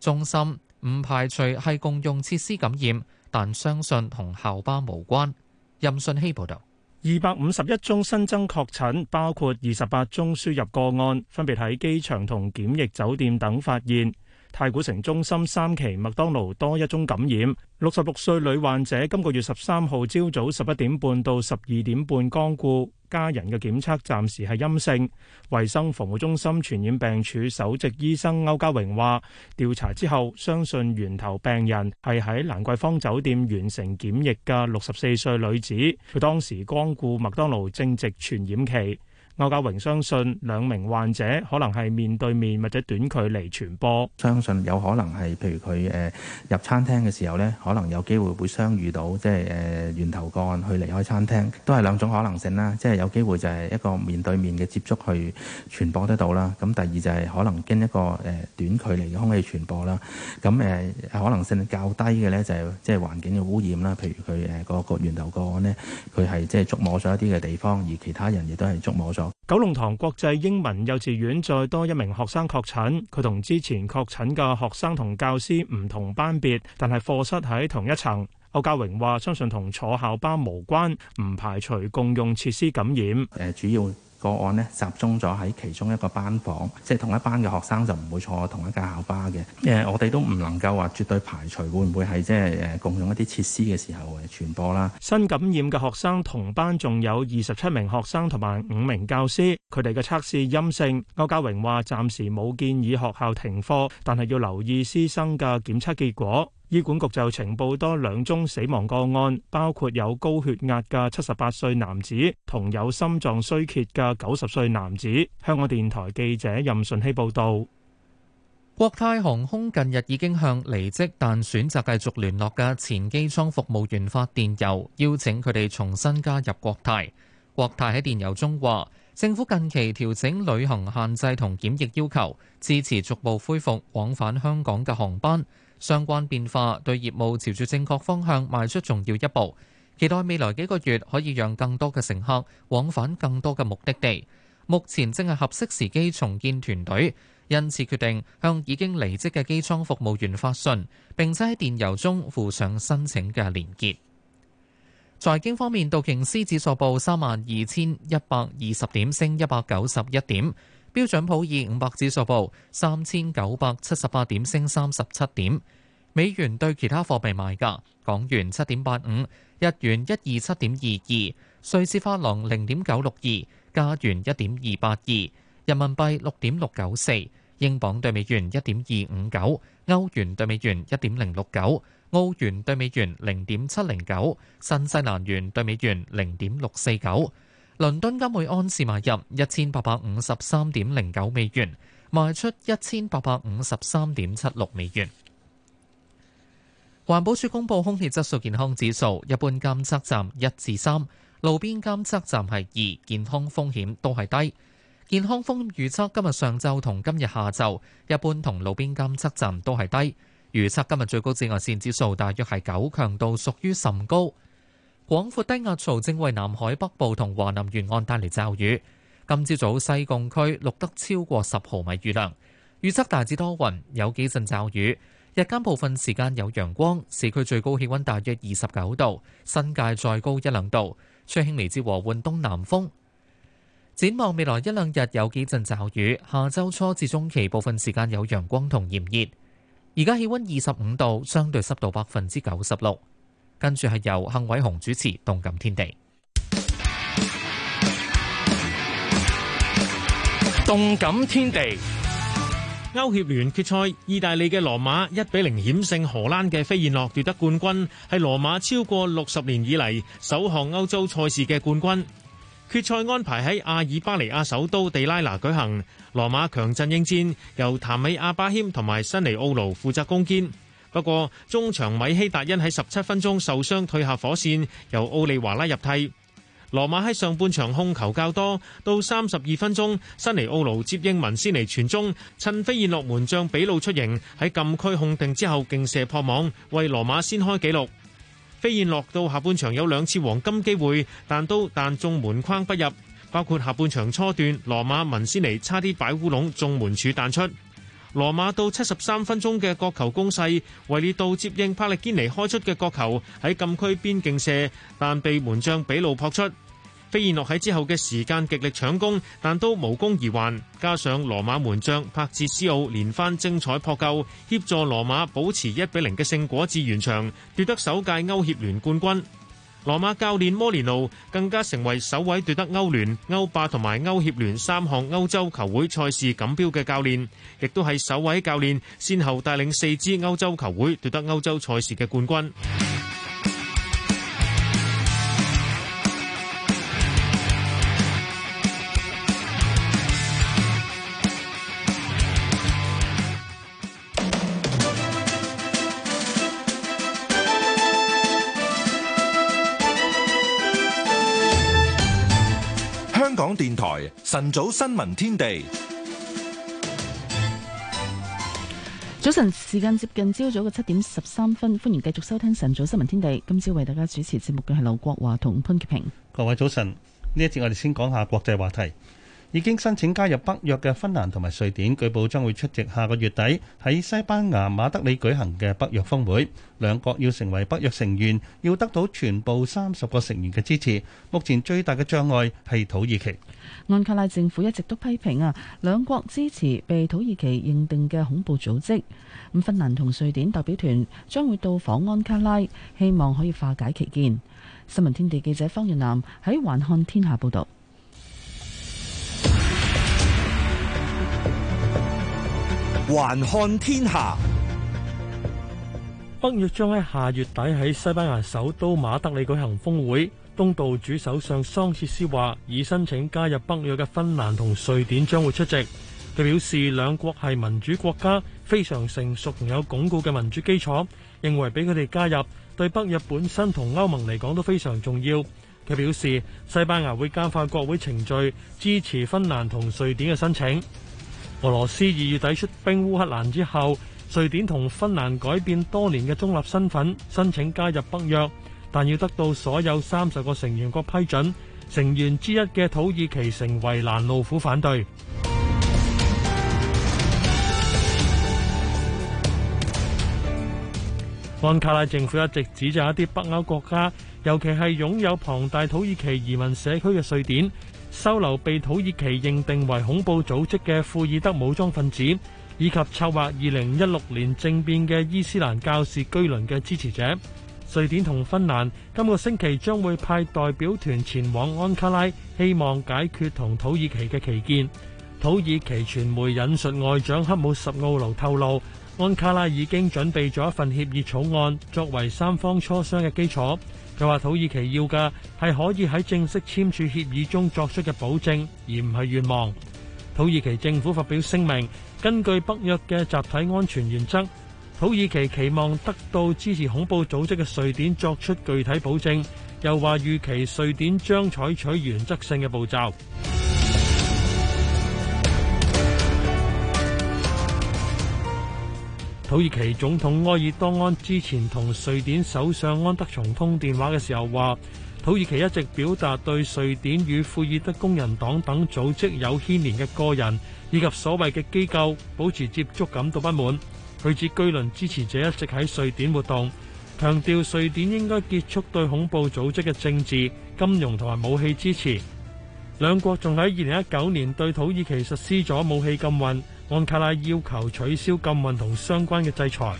中心唔排除係共用設施感染，但相信同校巴無關。任信希報導。二百五十一宗新增確診，包括二十八宗輸入個案，分別喺機場同檢疫酒店等發現。太古城中心三期麥當勞多一宗感染，六十六歲女患者今個月十三號朝早十一點半到十二點半光顧，家人嘅檢測暫時係陰性。衛生防護中心傳染病處首席醫生歐家榮話，調查之後相信源頭病人係喺蘭桂坊酒店完成檢疫嘅六十四歲女子，佢當時光顧麥當勞正值傳染期。歐家榮相信兩名患者可能係面對面或者短距離傳播，相信有可能係，譬如佢誒入餐廳嘅時候呢，可能有機會會相遇到，即係誒源頭個案去離開餐廳，都係兩種可能性啦。即係有機會就係一個面對面嘅接觸去傳播得到啦。咁第二就係可能經一個誒短距離嘅空氣傳播啦。咁誒可能性較低嘅呢就係即係環境嘅污染啦。譬如佢誒個個源頭個案呢，佢係即係觸摸咗一啲嘅地方，而其他人亦都係觸摸咗。九龍塘國際英文幼稚園再多一名學生確診，佢同之前確診嘅學生同教師唔同班別，但係課室喺同一層。歐家榮話相信同坐校巴無關，唔排除共用設施感染。誒，主要。個案呢，集中咗喺其中一個班房，即係同一班嘅學生就唔會坐同一間校巴嘅。誒，我哋都唔能夠話絕對排除會唔會係即係誒共用一啲設施嘅時候誒傳播啦。新感染嘅學生同班仲有二十七名學生同埋五名教師，佢哋嘅測試陰性。歐家榮話暫時冇建議學校停課，但係要留意師生嘅檢測結果。醫管局就呈報多兩宗死亡個案，包括有高血壓嘅七十八歲男子同有心臟衰竭嘅九十歲男子。香港電台記者任順希報道。國泰航空近日已經向離職但選擇繼續聯絡嘅前機艙服務員發電郵，邀請佢哋重新加入國泰。國泰喺電郵中話，政府近期調整旅行限制同檢疫要求，支持逐步恢復往返香港嘅航班。相關變化對業務朝住正確方向邁出重要一步，期待未來幾個月可以讓更多嘅乘客往返更多嘅目的地。目前正係合適時機重建團隊，因此決定向已經離職嘅機艙服務員發信，並且喺電郵中附上申請嘅連結。財經方面，道瓊斯指數報三萬二千一百二十點，升一百九十一點。標準普爾五百指數報三千九百七十八點，升三十七點。美元對其他貨幣賣價：港元七點八五，日元一二七點二二，瑞士法郎零點九六二，加元一點二八二，人民幣六點六九四，英鎊對美元一點二五九，歐元對美元一點零六九，澳元對美元零點七零九，新西蘭元對美元零點六四九。倫敦金每盎司買入一千八百五十三點零九美元，賣出一千八百五十三點七六美元。環保署公布空氣質素健康指數，一般監測站一至三，路邊監測站係二，健康風險都係低。健康風預測今日上晝同今日下晝，一般同路邊監測站都係低。預測今日最高紫外線指數大約係九，強度屬於甚高。廣闊低壓槽正為南海北部同華南沿岸帶嚟驟雨。今朝早，早西貢區錄得超過十毫米雨量，預測大致多雲，有幾陣驟雨。日間部分時間有陽光，市區最高氣溫大約二十九度，新界再高一兩度。吹輕微至和緩東南風。展望未來一兩日有幾陣驟雨，下週初至中期部分時間有陽光同炎熱。而家氣溫二十五度，相對濕度百分之九十六。跟住係由幸偉雄主持《動感天地》。《動感天地》歐協聯決賽，意大利嘅羅馬一比零險勝荷蘭嘅飛燕諾，奪得冠軍，係羅馬超過六十年以嚟首項歐洲賽事嘅冠軍。決賽安排喺阿爾巴尼亞首都地拉拿舉行。羅馬強陣應戰，由譚美阿巴謙同埋新尼奧盧負責攻堅。不過，中場米希達恩喺十七分鐘受傷退下火線，由奧利華拉入替。羅馬喺上半場控球較多，到三十二分鐘，新尼奧奴接應文斯尼傳中，趁飛燕諾門將比魯出營喺禁區控定之後勁射破網，為羅馬先開紀錄。飛燕諾到下半場有兩次黃金機會，但都但中門框不入，包括下半場初段，羅馬文斯尼差啲擺烏龍，中門柱彈出。羅馬到七十三分鐘嘅角球攻勢，維列杜接應帕力堅尼開出嘅角球喺禁區邊境射，但被門將比魯撲出。菲爾諾喺之後嘅時間極力搶攻，但都無功而還。加上羅馬門將帕切斯奧連番精彩撲救，協助羅馬保持一比零嘅勝果至完場，奪得首屆歐協聯冠軍。羅馬教練摩連奴更加成為首位奪得歐聯、歐霸同埋歐協聯三項歐洲球會賽事錦標嘅教練，亦都係首位教練先後帶領四支歐洲球會奪得歐洲賽事嘅冠軍。晨早新聞天地，早晨時間接近朝早嘅七點十三分，歡迎繼續收聽晨早新聞天地。今朝為大家主持節目嘅係劉國華同潘潔平。各位早晨，呢一節我哋先講下國際話題。已經申請加入北約嘅芬蘭同埋瑞典，據報將會出席下個月底喺西班牙馬德里舉行嘅北約峰會。兩國要成為北約成員，要得到全部三十個成員嘅支持。目前最大嘅障礙係土耳其。安卡拉政府一直都批評啊，兩國支持被土耳其認定嘅恐怖組織，咁芬蘭同瑞典代表團將會到訪安卡拉，希望可以化解歧見。新聞天地記者方月南喺環看天下報道，《環看天下》。北約將喺下月底喺西班牙首都馬德里舉行峰會。東道主首相桑切斯話，已申請加入北約嘅芬蘭同瑞典將會出席。佢表示，兩國係民主國家，非常成熟同有鞏固嘅民主基礎，認為俾佢哋加入對北約本，本身同歐盟嚟講都非常重要。佢表示，西班牙會加快國會程序支持芬蘭同瑞典嘅申請。俄羅斯二月底出兵烏克蘭之後，瑞典同芬蘭改變多年嘅中立身份，申請加入北約。但要得到所有三十個成員國批准，成員之一嘅土耳其成為攔路虎，反對。安卡拉政府一直指責一啲北歐國家，尤其係擁有龐大土耳其移民社區嘅瑞典，收留被土耳其認定為恐怖組織嘅庫爾德武裝分子，以及策劃二零一六年政變嘅伊斯蘭教士居倫嘅支持者。瑞典同芬蘭今個星期將會派代表團前往安卡拉，希望解決同土耳其嘅歧見。土耳其傳媒引述外長克姆什奧盧透露，安卡拉已經準備咗一份協議草案，作為三方磋商嘅基礎。佢話土耳其要嘅係可以喺正式簽署協議中作出嘅保證，而唔係願望。土耳其政府發表聲明，根據北約嘅集體安全原則。土耳其期望得到支持恐怖組織嘅瑞典作出具體保證，又話預期瑞典將採取原則性嘅步驟。 土耳其總統埃爾多安之前同瑞典首相安德松通電話嘅時候話，土耳其一直表達對瑞典與庫爾德工人黨等組織有牽連嘅個人以及所謂嘅機構保持接觸感到不滿。佢指居倫支持者一直喺瑞典活動，強調瑞典應該結束對恐怖組織嘅政治、金融同埋武器支持。兩國仲喺二零一九年對土耳其實施咗武器禁運，安卡拉要求取消禁運同相關嘅制裁。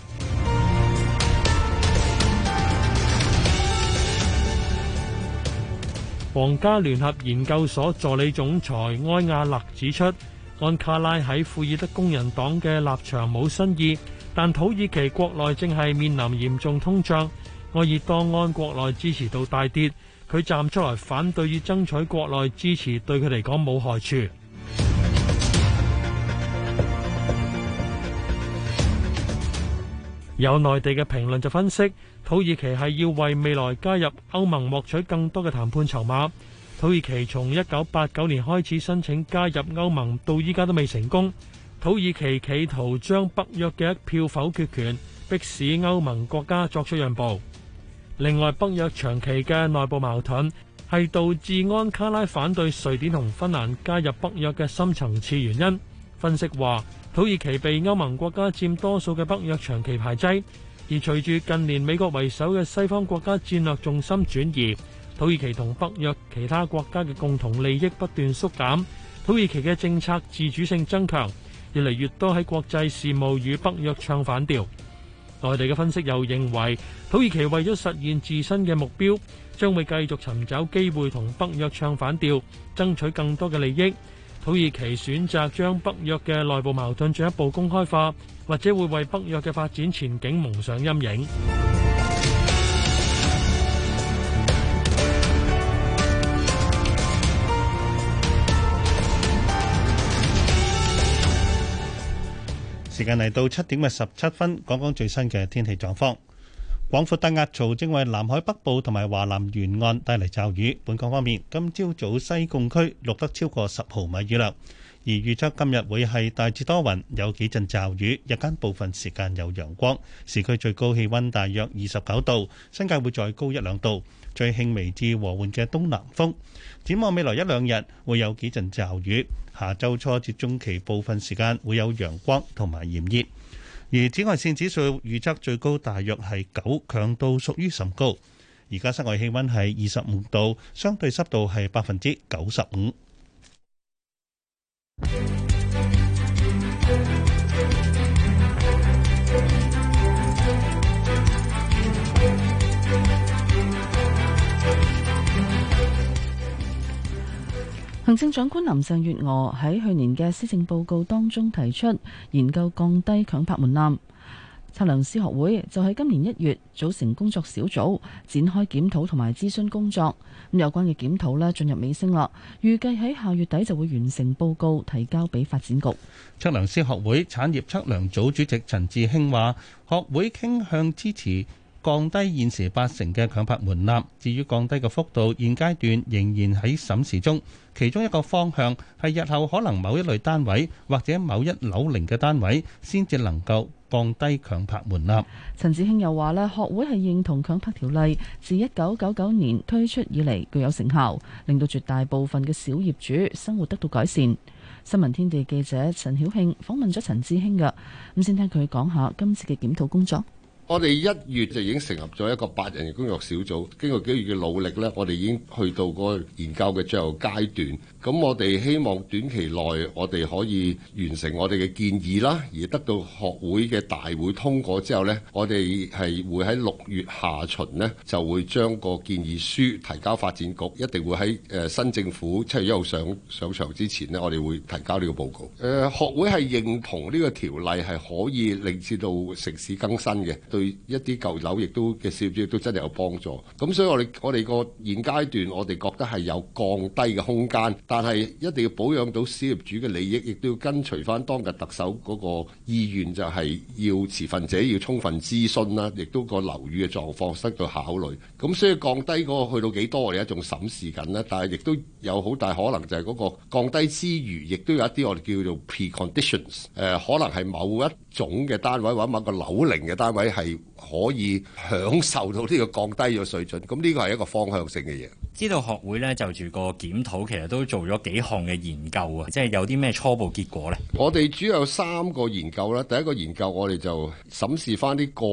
皇家聯合研究所助理總裁埃亞勒指出，安卡拉喺庫爾德工人黨嘅立場冇新意。但土耳其國內正係面臨嚴重通脹，埃爾多安國內支持度大跌，佢站出來反對與爭取國內支持，對佢嚟講冇害處。 有內地嘅評論就分析，土耳其係要為未來加入歐盟獲取更多嘅談判籌碼。土耳其從一九八九年開始申請加入歐盟，到依家都未成功。土耳其企圖將北約嘅一票否決權逼使歐盟國家作出讓步。另外，北約長期嘅內部矛盾係導致安卡拉反對瑞典同芬蘭加入北約嘅深層次原因。分析話，土耳其被歐盟國家佔多數嘅北約長期排擠，而隨住近年美國為首嘅西方國家戰略重心轉移，土耳其同北約其他國家嘅共同利益不斷縮減，土耳其嘅政策自主性增強。越嚟越多喺國際事務與北約唱反調，內地嘅分析又認為，土耳其為咗實現自身嘅目標，將會繼續尋找機會同北約唱反調，爭取更多嘅利益。土耳其選擇將北約嘅內部矛盾進一步公開化，或者會為北約嘅發展前景蒙上陰影。時間嚟到七點嘅十七分，講講最新嘅天氣狀況。廣闊低壓槽正為南海北部同埋華南沿岸帶嚟驟雨。本港方面，今朝早西貢區錄得超過十毫米雨量，而預測今日會係大致多雲，有幾陣驟雨，日間部分時間有陽光。市區最高氣溫大約二十九度，新界會再高一兩度，最輕微至和緩嘅東南風。展望未來一兩日會有幾陣驟雨。下周初至中期部分時間會有陽光同埋炎熱，而紫外線指數預測最高大約係九，強度屬於甚高。而家室外氣温係二十五度，相對濕度係百分之九十五。行政長官林鄭月娥喺去年嘅施政報告當中提出研究降低強拍門檻，測量師學會就喺今年一月組成工作小組展開檢討同埋諮詢工作。咁有關嘅檢討呢，進入尾聲啦，預計喺下月底就會完成報告提交俾發展局。測量師學會產業測量組主席陳志興話，學會傾向支持。降低現時八成嘅強拍門檻，至於降低嘅幅度，現階段仍然喺審視中。其中一個方向係日後可能某一類單位或者某一樓齡嘅單位先至能夠降低強拍門檻。陳志興又話咧，學會係認同強拍條例自一九九九年推出以嚟具有成效，令到絕大部分嘅小業主生活得到改善。新聞天地記者陳曉慶訪問咗陳志興嘅，咁先聽佢講下今次嘅檢討工作。我哋一月就已經成立咗一個八人嘅工作小組，經過幾月嘅努力咧，我哋已經去到個研究嘅最後階段。咁我哋希望短期內我哋可以完成我哋嘅建議啦，而得到學會嘅大會通過之後咧，我哋係會喺六月下旬咧就會將個建議書提交發展局，一定會喺誒新政府七月一號上上場之前咧，我哋會提交呢個報告。誒、呃、學會係認同呢個條例係可以令至到城市更新嘅。一啲舊樓亦都嘅事業主亦都真係有幫助，咁所以我哋我哋個現階段，我哋覺得係有降低嘅空間，但係一定要保養到事業主嘅利益，亦都要跟隨翻當日特首嗰個意願，就係要持份者要充分諮詢啦，亦都個樓宇嘅狀況得到考慮。咁所以降低嗰個去到幾多我哋一種審視緊啦，但係亦都有好大可能就係嗰個降低之餘，亦都有一啲我哋叫做 preconditions，誒、呃、可能係某一，總嘅單位或者某個樓齡嘅單位係可以享受到呢個降低咗水準，咁呢個係一個方向性嘅嘢。知道學會呢，就住個檢討，其實都做咗幾項嘅研究啊，即係有啲咩初步結果呢？我哋主要有三個研究啦，第一個研究我哋就審視返啲個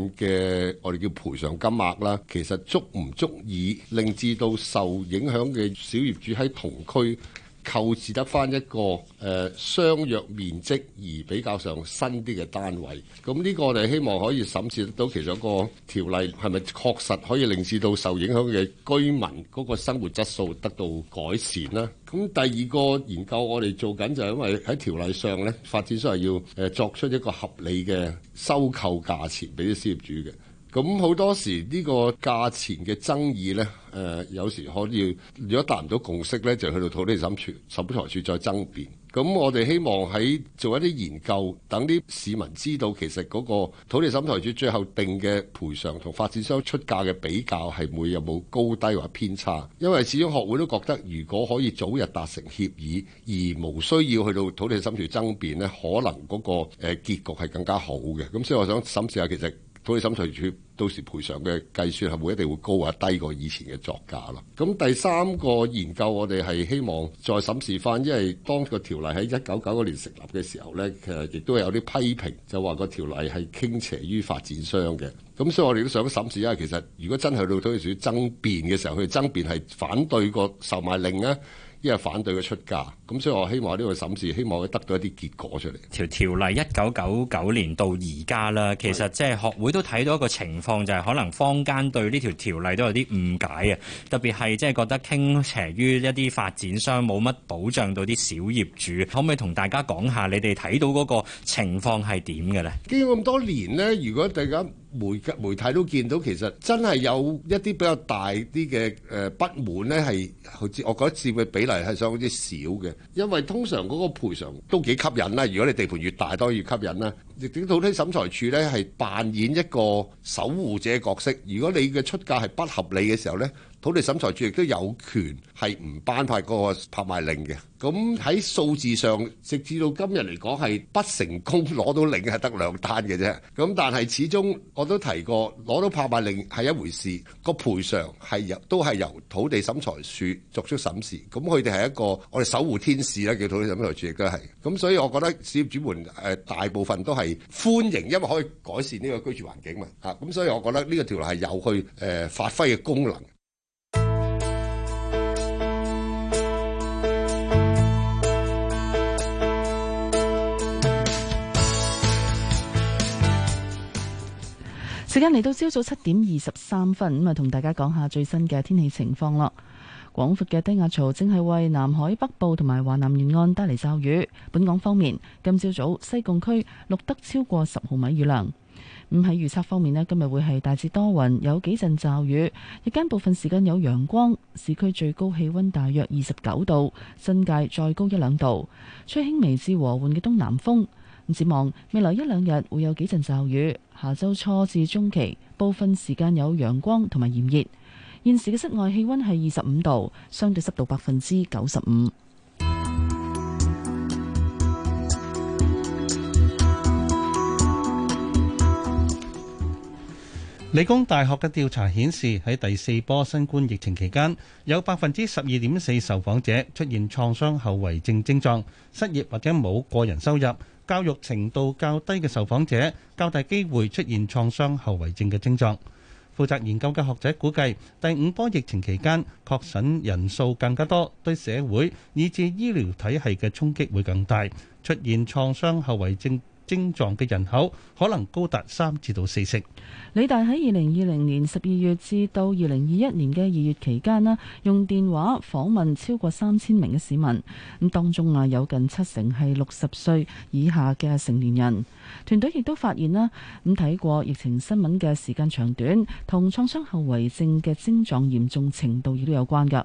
案嘅我哋叫賠償金額啦，其實足唔足以令至到受影響嘅小業主喺同區。購置得翻一個誒相、呃、若面積而比較上新啲嘅單位，咁呢個我哋希望可以審視得到其實一個條例係咪確實可以令至到受影響嘅居民嗰個生活質素得到改善啦。咁第二個研究我哋做緊就係因為喺條例上咧，發展商係要誒、呃、作出一個合理嘅收購價錢俾啲私業主嘅。咁好多時呢個價錢嘅爭議呢，誒、呃、有時可以，如果達唔到共識呢，就去到土地審處審裁處再爭辯。咁我哋希望喺做一啲研究，等啲市民知道其實嗰個土地審裁處最後定嘅賠償同發展商出價嘅比較係會有冇高低或者偏差。因為始終學會都覺得，如果可以早日達成協議，而無需要去到土地審處爭辯呢，可能嗰個誒結局係更加好嘅。咁所以我想審視下其實。土地審裁處到時賠償嘅計算係咪一定會高啊低過以前嘅作價咯。咁第三個研究我哋係希望再審視翻，因為當個條例喺一九九九年成立嘅時候咧，其實亦都有啲批評，就話個條例係傾斜於發展商嘅。咁所以我哋都想審視一下，其實如果真係到土地處爭辯嘅時候，佢爭辯係反對個售賣令呢。因為反對佢出價，咁所以我希望呢個審視，希望佢得到一啲結果出嚟。條條例一九九九年到而家啦，其實即係學會都睇到一個情況，就係、是、可能坊間對呢條條例都有啲誤解啊，特別係即係覺得傾斜於一啲發展商，冇乜保障到啲小業主。可唔可以同大家講下你哋睇到嗰個情況係點嘅呢？經過咁多年呢，如果大家媒媒體都見到，其實真係有一啲比較大啲嘅誒不滿咧，係好似我覺得佔嘅比例係相當之少嘅，因為通常嗰個賠償都幾吸引啦。如果你地盤越大，當然越吸引啦。亦點到呢審裁處呢係扮演一個守護者嘅角色。如果你嘅出價係不合理嘅時候呢。土地審裁處亦都有權係唔頒派嗰個拍賣令嘅。咁喺數字上，直至到今日嚟講係不成功攞到令係得兩單嘅啫。咁但係始終我都提過攞到拍賣令係一回事，個賠償係由都係由土地審裁處作出審視。咁佢哋係一個我哋守護天使啦，叫土地審裁處亦都係。咁所以我覺得事業主們誒大部分都係歡迎，因為可以改善呢個居住環境嘛。嚇咁，所以我覺得呢個條例係有去誒發揮嘅功能。時間嚟到朝早七點二十三分，咁啊，同大家講下最新嘅天氣情況咯。廣闊嘅低壓槽正係為南海北部同埋華南沿岸帶嚟驟雨。本港方面，今朝早西貢區錄得超過十毫米雨量。咁喺預測方面呢，今日會係大致多雲，有幾陣驟雨。日間部分時間有陽光。市區最高氣溫大約二十九度，新界再高一兩度。吹輕微至和緩嘅東南風。展望未來一兩日會有幾陣驟雨，下周初至中期部分時間有陽光同埋炎熱。現時嘅室外氣溫係二十五度，相對濕度百分之九十五。理工大學嘅調查顯示，喺第四波新冠疫情期間，有百分之十二點四受訪者出現創傷後遺症症狀，失業或者冇個人收入。教育程度較低嘅受訪者，較大機會出現創傷後遺症嘅症狀。負責研究嘅學者估計，第五波疫情期間確診人數更加多，對社會以至醫療體系嘅衝擊會更大，出現創傷後遺症症狀嘅人口可能高達三至到四成。理大喺二零二零年十二月至到二零二一年嘅二月期間呢，用電話訪問超過三千名嘅市民，咁當中啊，有近七成係六十歲以下嘅成年人。團隊亦都發現啦，咁睇過疫情新聞嘅時間長短，同創傷後遺症嘅症狀嚴重程度亦都有關嘅。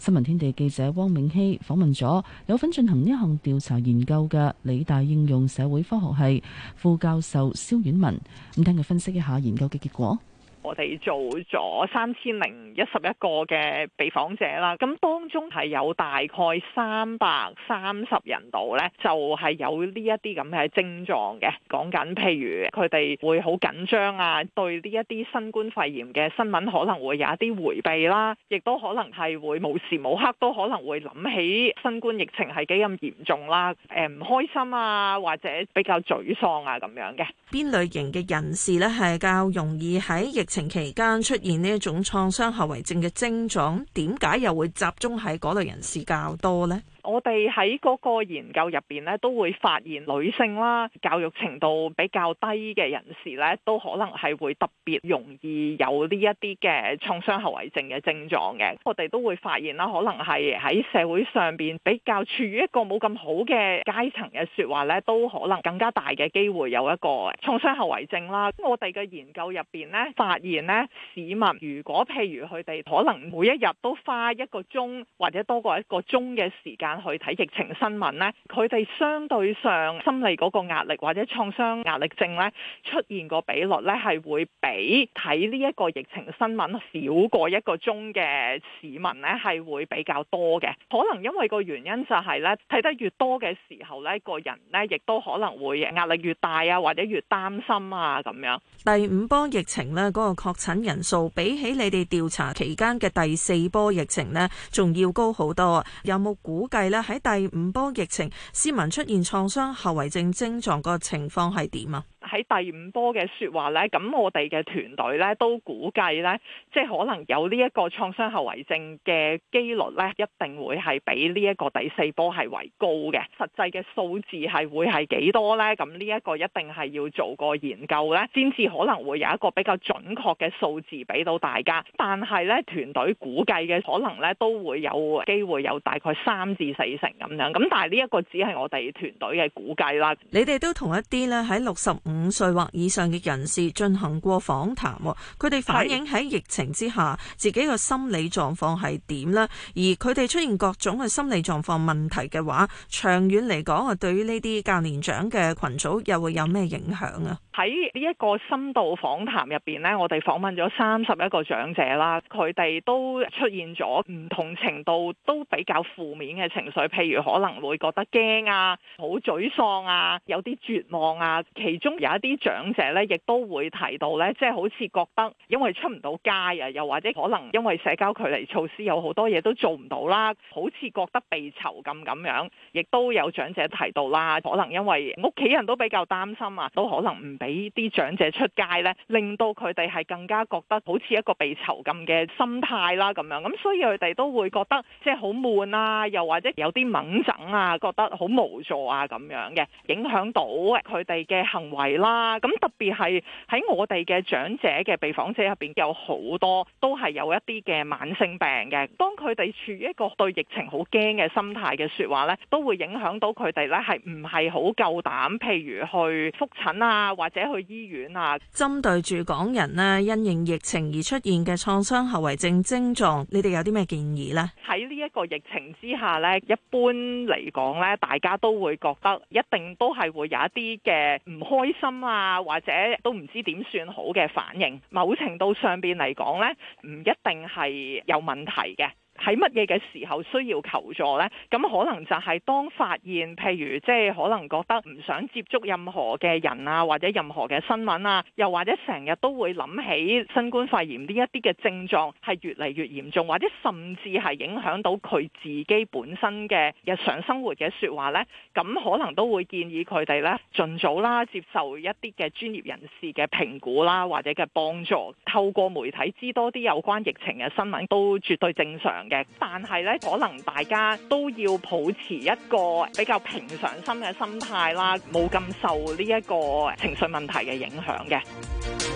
新聞天地記者汪永熙訪問咗有份進行呢項調查研究嘅理大應用社會科學系副教授蕭婉文，咁聽佢分析一下研究嘅結果。我哋做咗三千零一十一個嘅被訪者啦，咁當中係有大概三百三十人度咧，就係有呢一啲咁嘅症狀嘅。講緊譬如佢哋會好緊張啊，對呢一啲新冠肺炎嘅新聞可能會有一啲迴避啦，亦都可能係會無時無刻都可能會諗起新冠疫情係幾咁嚴重啦，誒唔開心啊，或者比較沮喪啊咁樣嘅。邊類型嘅人士咧係較容易喺疫疫情期間出現呢一種創傷後遺症嘅症狀，點解又會集中喺嗰類人士較多呢？我哋喺嗰個研究入邊咧，都會發現女性啦、教育程度比較低嘅人士咧，都可能係會特別容易有呢一啲嘅創傷後遺症嘅症狀嘅。我哋都會發現啦，可能係喺社會上邊比較處於一個冇咁好嘅階層嘅說話咧，都可能更加大嘅機會有一個創傷後遺症啦。我哋嘅研究入邊咧，發現咧市民如果譬如佢哋可能每一日都花一個鐘或者多過一個鐘嘅時間。去睇疫情新聞咧，佢哋相對上心理嗰個壓力或者創傷壓力症咧，出現個比率咧係會比睇呢一個疫情新聞少過一個鐘嘅市民咧係會比較多嘅。可能因為個原因就係咧，睇得越多嘅時候咧，個人咧亦都可能會壓力越大啊，或者越擔心啊咁樣。第五波疫情咧，嗰個確診人數比起你哋調查期間嘅第四波疫情咧，仲要高好多。有冇估計？係啦，喺第五波疫情，市民出現創傷後遺症症狀個情況係點啊？喺第五波嘅說話咧，咁我哋嘅團隊咧都估計咧，即係可能有呢一個創傷後遺症嘅幾率咧，一定會係比呢一個第四波係為高嘅。實際嘅數字係會係幾多咧？咁呢一個一定係要做個研究咧，先至可能會有一個比較準確嘅數字俾到大家。但係咧，團隊估計嘅可能咧，都會有機會有大概三至四成咁樣，咁但係呢一個只係我哋團隊嘅估計啦。你哋都同一啲咧喺六十五五歲或以上嘅人士進行過訪談，佢哋反映喺疫情之下自己嘅心理狀況係點呢？而佢哋出現各種嘅心理狀況問題嘅話，長遠嚟講啊，對於呢啲教年長嘅群組又會有咩影響啊？喺呢一個深度訪談入邊呢，我哋訪問咗三十一個長者啦，佢哋都出現咗唔同程度都比較負面嘅情緒，譬如，可能會覺得驚啊、好沮喪啊、有啲絕望啊，其中有。有一啲長者咧，亦都會提到咧，即係好似覺得因為出唔到街啊，又或者可能因為社交距離措施有好多嘢都做唔到啦，好似覺得被囚禁咁樣。亦都有長者提到啦，可能因為屋企人都比較擔心啊，都可能唔俾啲長者出街咧，令到佢哋係更加覺得好似一個被囚禁嘅心態啦咁樣。咁所以佢哋都會覺得即係好悶啊，又或者有啲掹整啊，覺得好無助啊咁樣嘅，影響到佢哋嘅行為。啦，咁特別係喺我哋嘅長者嘅被訪者入邊，有好多都係有一啲嘅慢性病嘅。當佢哋處於一個對疫情好驚嘅心態嘅説話咧，都會影響到佢哋咧，係唔係好夠膽？譬如去覆診啊，或者去醫院啊。針對住港人咧、啊，因應疫情而出現嘅創傷後遺症症狀，你哋有啲咩建議呢？喺呢一個疫情之下咧，一般嚟講咧，大家都會覺得一定都係會有一啲嘅唔開心啊，或者都唔知點算好嘅反應。某程度上邊嚟講咧，唔一定係有問題嘅。喺乜嘢嘅時候需要求助咧？咁可能就係當發現譬如，即係可能覺得唔想接觸任何嘅人啊，或者任何嘅新聞啊，又或者成日都會諗起新冠肺炎呢一啲嘅症狀係越嚟越嚴重，或者甚至係影響到佢自己本身嘅日常生活嘅說話咧，咁可能都會建議佢哋咧盡早啦接受一啲嘅專業人士嘅評估啦，或者嘅幫助。透過媒體知多啲有關疫情嘅新聞都絕對正常。但係咧，可能大家都要保持一個比較平常心嘅心態啦，冇咁受呢一個情緒問題嘅影響嘅。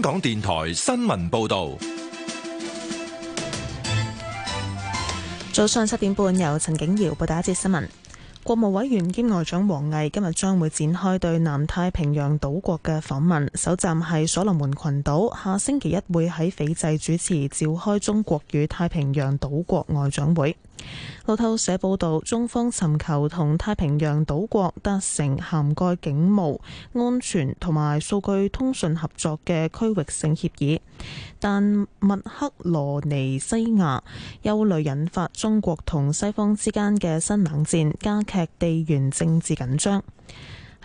香港電台新聞報道，早上七點半由陳景堯報第一節新聞。國務委員兼外長王毅今日將會展開對南太平洋島國嘅訪問，首站係所羅門群島，下星期一會喺斐濟主持召開中國與太平洋島國外長會。路透社報道，中方尋求同太平洋島國達成涵蓋警務、安全同埋數據通訊合作嘅區域性協議，但密克羅尼西亞憂慮引發中國同西方之間嘅新冷戰，加劇地緣政治緊張。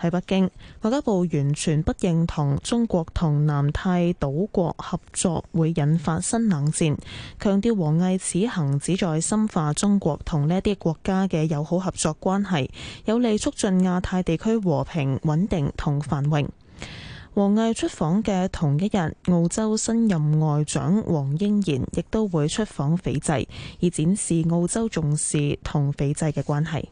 喺北京，外交部完全不認同中國同南太島國合作會引發新冷戰，強調王毅此行旨在深化中國同呢啲國家嘅友好合作關係，有利促進亞太地區和平穩定同繁榮。王毅出訪嘅同一日，澳洲新任外長黃英賢亦都會出訪斐濟，以展示澳洲重視同斐濟嘅關係。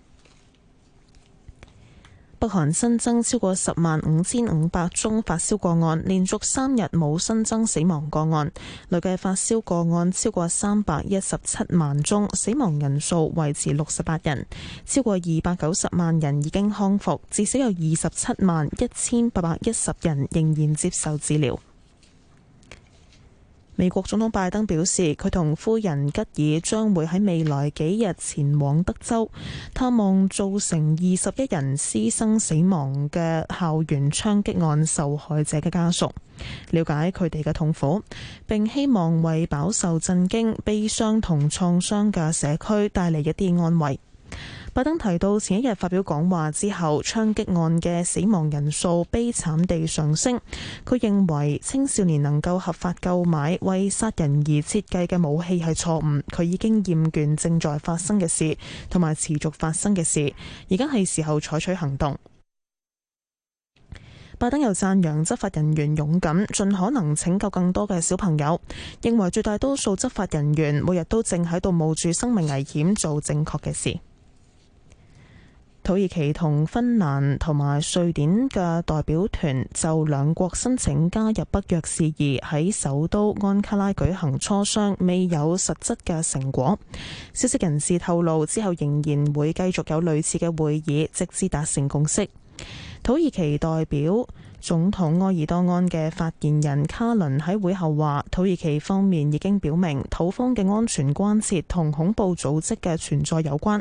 北韓新增超過十萬五千五百宗發燒個案，連續三日冇新增死亡個案，累計發燒個案超過三百一十七萬宗，死亡人數維持六十八人，超過二百九十萬人已經康復，至少有二十七萬一千八百一十人仍然接受治療。美國總統拜登表示，佢同夫人吉爾將會喺未來幾日前往德州探望造成二十一人師生死亡嘅校園槍擊案受害者嘅家屬，了解佢哋嘅痛苦，並希望為飽受震驚、悲傷同創傷嘅社區帶嚟一啲安慰。拜登提到，前一日發表講話之後，槍擊案嘅死亡人數悲慘地上升。佢認為青少年能夠合法購買為殺人而設計嘅武器係錯誤。佢已經厭倦正在發生嘅事，同埋持續發生嘅事。而家係時候採取行動。拜登又讚揚執法人員勇敢，盡可能拯救更多嘅小朋友。認為絕大多數執法人員每日都正喺度冒住生命危險做正確嘅事。土耳其同芬蘭同埋瑞典嘅代表團就兩國申請加入北約事宜喺首都安卡拉舉行磋商，未有實質嘅成果。消息人士透露，之後仍然會繼續有類似嘅會議，直至達成共識。土耳其代表，總統埃爾多安嘅發言人卡倫喺會後話：土耳其方面已經表明，土方嘅安全關切同恐怖組織嘅存在有關，